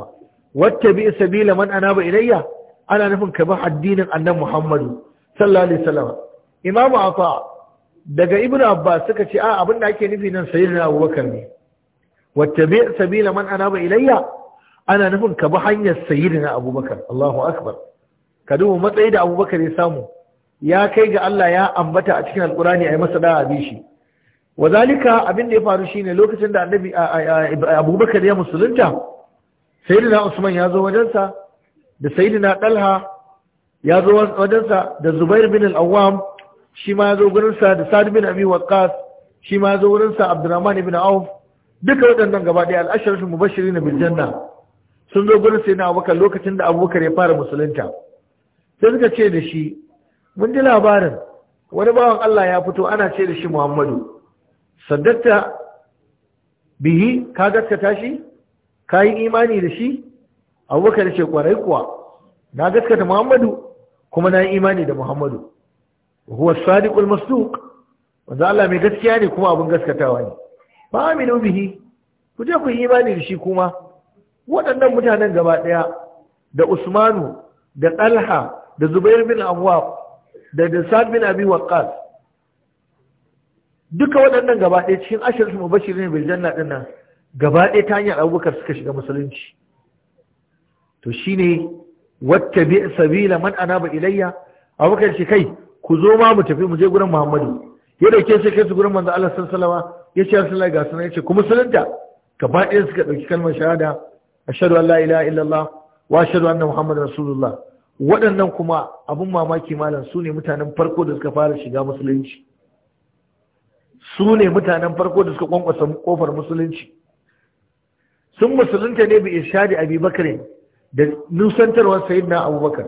wattabi sabila man anaba ilayya ana nufin ka bi addinin annabi Muhammadu sallallahu alaihi wasallam Imam Afa daga Ibn Abbas suka ce a abin da ake nufi nan sayyidina Abubakar ne wattabi sabila man anaba ilayya ana nufin ka bi hanyar sayyidina Abubakar Allahu akbar ka duba matsayi da Abubakar ya samu ya kai ga Allah ya ambata a cikin alkurani a yi masa da'a bi shi wazalika abin da ya faru shine lokacin da annabi abubakar ya musulunta sayyidina usman ya zo wajensa da sayyidina dalha ya zo wajensa da zubair bin al-awwam shi ma ya zo gurinsa da sa'd bin abi waqqas shi ma ya zo gurinsa abdurrahman ibn auf duka waɗannan gaba ɗaya al'asharatu mubashirin bil janna sun zo gurin sayyidina abubakar lokacin da abubakar ya fara musulunta sai suka ce da shi mun ji labarin wani bawan Allah ya fito ana ce da shi Muhammadu saddatta bihi ka gaskata shi ka yi imani da shi abubakar ce kwarai kuwa na gaskata Muhammadu kuma na yi imani da Muhammadu huwa sadiqul masduq wanda Allah mai gaskiya ne kuma abin gaskatawa ne Ba aminu bihi ku je ku yi imani da shi kuma waɗannan mutanen gaba ɗaya da Usmanu da Talha da Zubair bin Awwab daga sa'ad bin Abi Waqqas duka waɗannan gaba ɗaya cikin ashirin su mubashirin bil janna din nan gaba ɗaya ta hanyar Abubakar suka shiga musulunci to shine bi sabila man anaba ilayya Abubakar shi kai ku zo ma mu tafi mu je gurin Muhammadu ya dauke sai kai su gurin manzo Allah sallallahu alaihi wasallam ya ce sallallahu alaihi wasallam ya ce ku musulunta gaba ɗaya suka ɗauki kalmar shahada ashhadu an la ilaha illallah wa ashhadu anna muhammadar rasulullah waɗannan kuma abin mamaki malam su ne mutanen farko da suka fara shiga musulunci su ne mutanen farko da suka kwankwasa kofar musulunci sun musulunta ne bi irshadi abi da nusantarwar na abubakar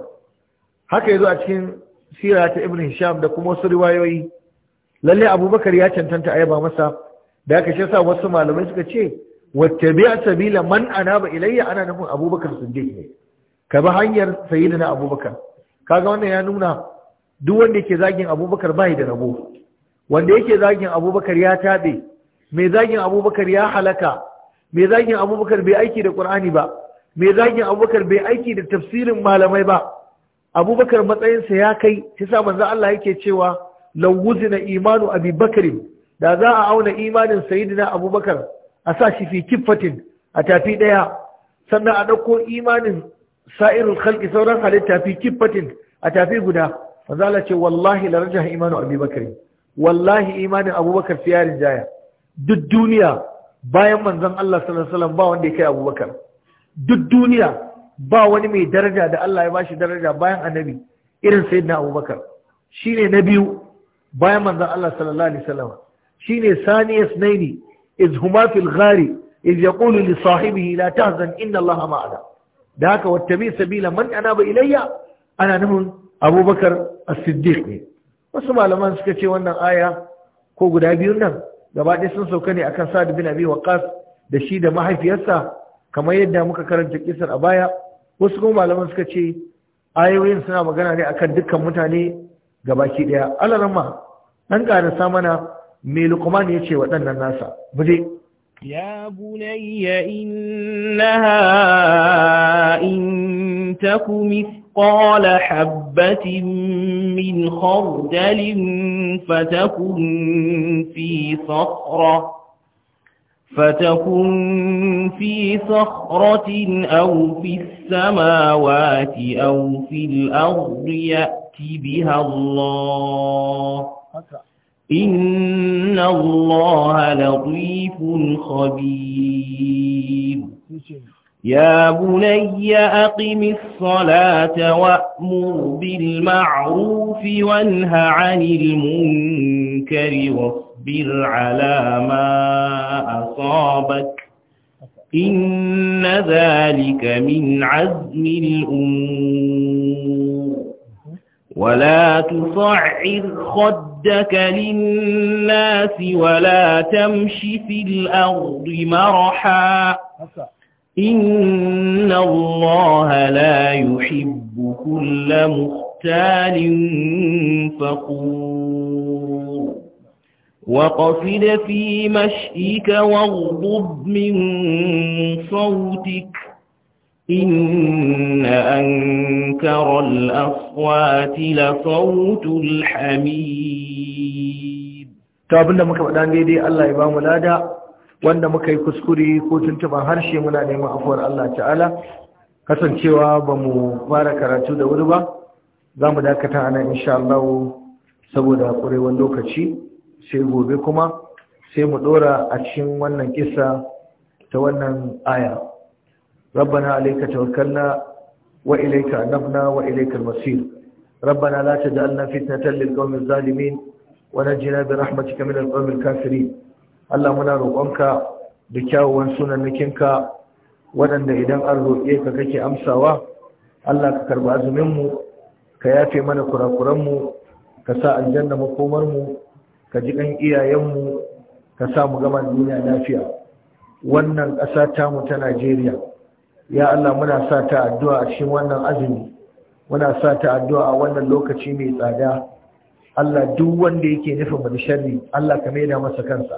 haka yazo a cikin sira ta ibn hisham da kuma wasu riwayoyi lalle abubakar ya cancanta ayaba masa da aka shi sa wasu malamai suka ce wattabi'a sabila man anaba ilayya ana nufin abubakar siddiq ne ka bi hanyar sayyidina abubakar kaga wannan ya nuna duk wanda ke zagin abubakar bai da rabo wanda yake zagin abubakar ya tabe mai zagin abubakar ya halaka mai zagin abubakar bai aiki da qur'ani ba mai zagin abubakar bai aiki da tafsirin malamai ba abubakar matsayinsa ya kai yasa manzo Allah yake cewa na imanu abubakarin da za a auna imanin sayyidina abubakar a sa shi fi kiffatin a tafi ɗaya, sannan a ɗauko imanin sa'irul khalqi sauran halitta fi kiffatin a tafi guda fazala ce wallahi la imanin imanu abubakar wallahi imanin abubakar sai ya rinjaya duk duniya bayan manzon Allah sallallahu ba wanda ya kai abubakar duk duniya ba wani mai daraja da Allah ya bashi daraja bayan annabi irin sayyidina abubakar ne na biyu bayan manzon Allah sallallahu alaihi wasallam shine saniyas naini iz huma fil ghari iz yaqulu li sahibihi la tahzan inna Allah ma'ana da haka wata bi sabila man ana ba ilayya ana nufin abubakar as-siddiq ne wasu malaman suka ce wannan aya ko guda biyun nan gaba ɗaya sun sauka ne akan sa'ad bin abi waqas da shi da mahaifiyarsa kamar yadda muka karanta kisar a baya wasu kuma malaman suka ce ayoyin suna magana ne akan dukkan mutane gabaki ɗaya alaramma ɗan ƙarasa mana mai ne ya ce waɗannan nasa bude يا بني إنها إن تك مثقال حبة من خردل فتكن في صخرة فتكن في صخرة أو في السماوات أو في الأرض يأت بها الله إن الله لطيف خبير يا بني أقم الصلاة وأمر بالمعروف وانه عن المنكر واصبر على ما أصابك إن ذلك من عزم الأمور ولا تصعر خد خدك للناس ولا تمش في الأرض مرحا إن الله لا يحب كل مختال فخور وقصد في مشئك واغضب من صوتك إن أنكر الأصوات لصوت الحميد ta abinda muka faɗa daidai Allah ya ba mu lada wanda muka yi kuskure ko tuntuban harshe muna neman afuwar Allah ta'ala kasancewa ba mu fara karatu da wuri ba za mu dakata ana, insha Allah saboda ƙurewar lokaci sai gobe kuma sai mu ɗora a cikin wannan kisa ta wannan aya ربنا عليك توكلنا وإليك أنبنا وإليك المصير ربنا لا تجعلنا فتنة للقوم الظالمين ونجنا برحمتك kafiri. القوم الكافرين الله منا da بكاوان سننكنك waɗanda idan an roƙe ka kake amsawa Allah ka karba azuminmu ka yafe mana kurakuranmu ka sa aljanna makomarmu ka ji ɗan iyayenmu ka sa mu gama duniya lafiya wannan ƙasa mu ta Najeriya ya Allah muna sa ta addu'a a cikin wannan azumi muna sa ta addu'a a wannan lokaci mai tsada Allah duk wanda yake nufin mu da sharri Allah ka maida masa kansa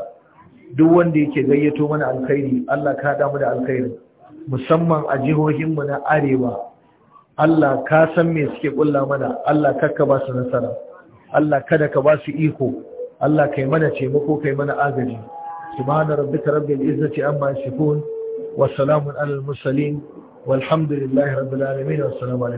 duk wanda yake gayyato mana alkhairi Allah ka hada mu da alkhairi musamman a jihohin mu na arewa Allah ka san me suke kulla mana Allah kakka ba su nasara Allah kada ka ba su iko Allah kai mana taimako kai mana agaji subhana rabbika rabbil izzati amma yasifun wa salamun alal والحمد لله رب العالمين والسلام عليكم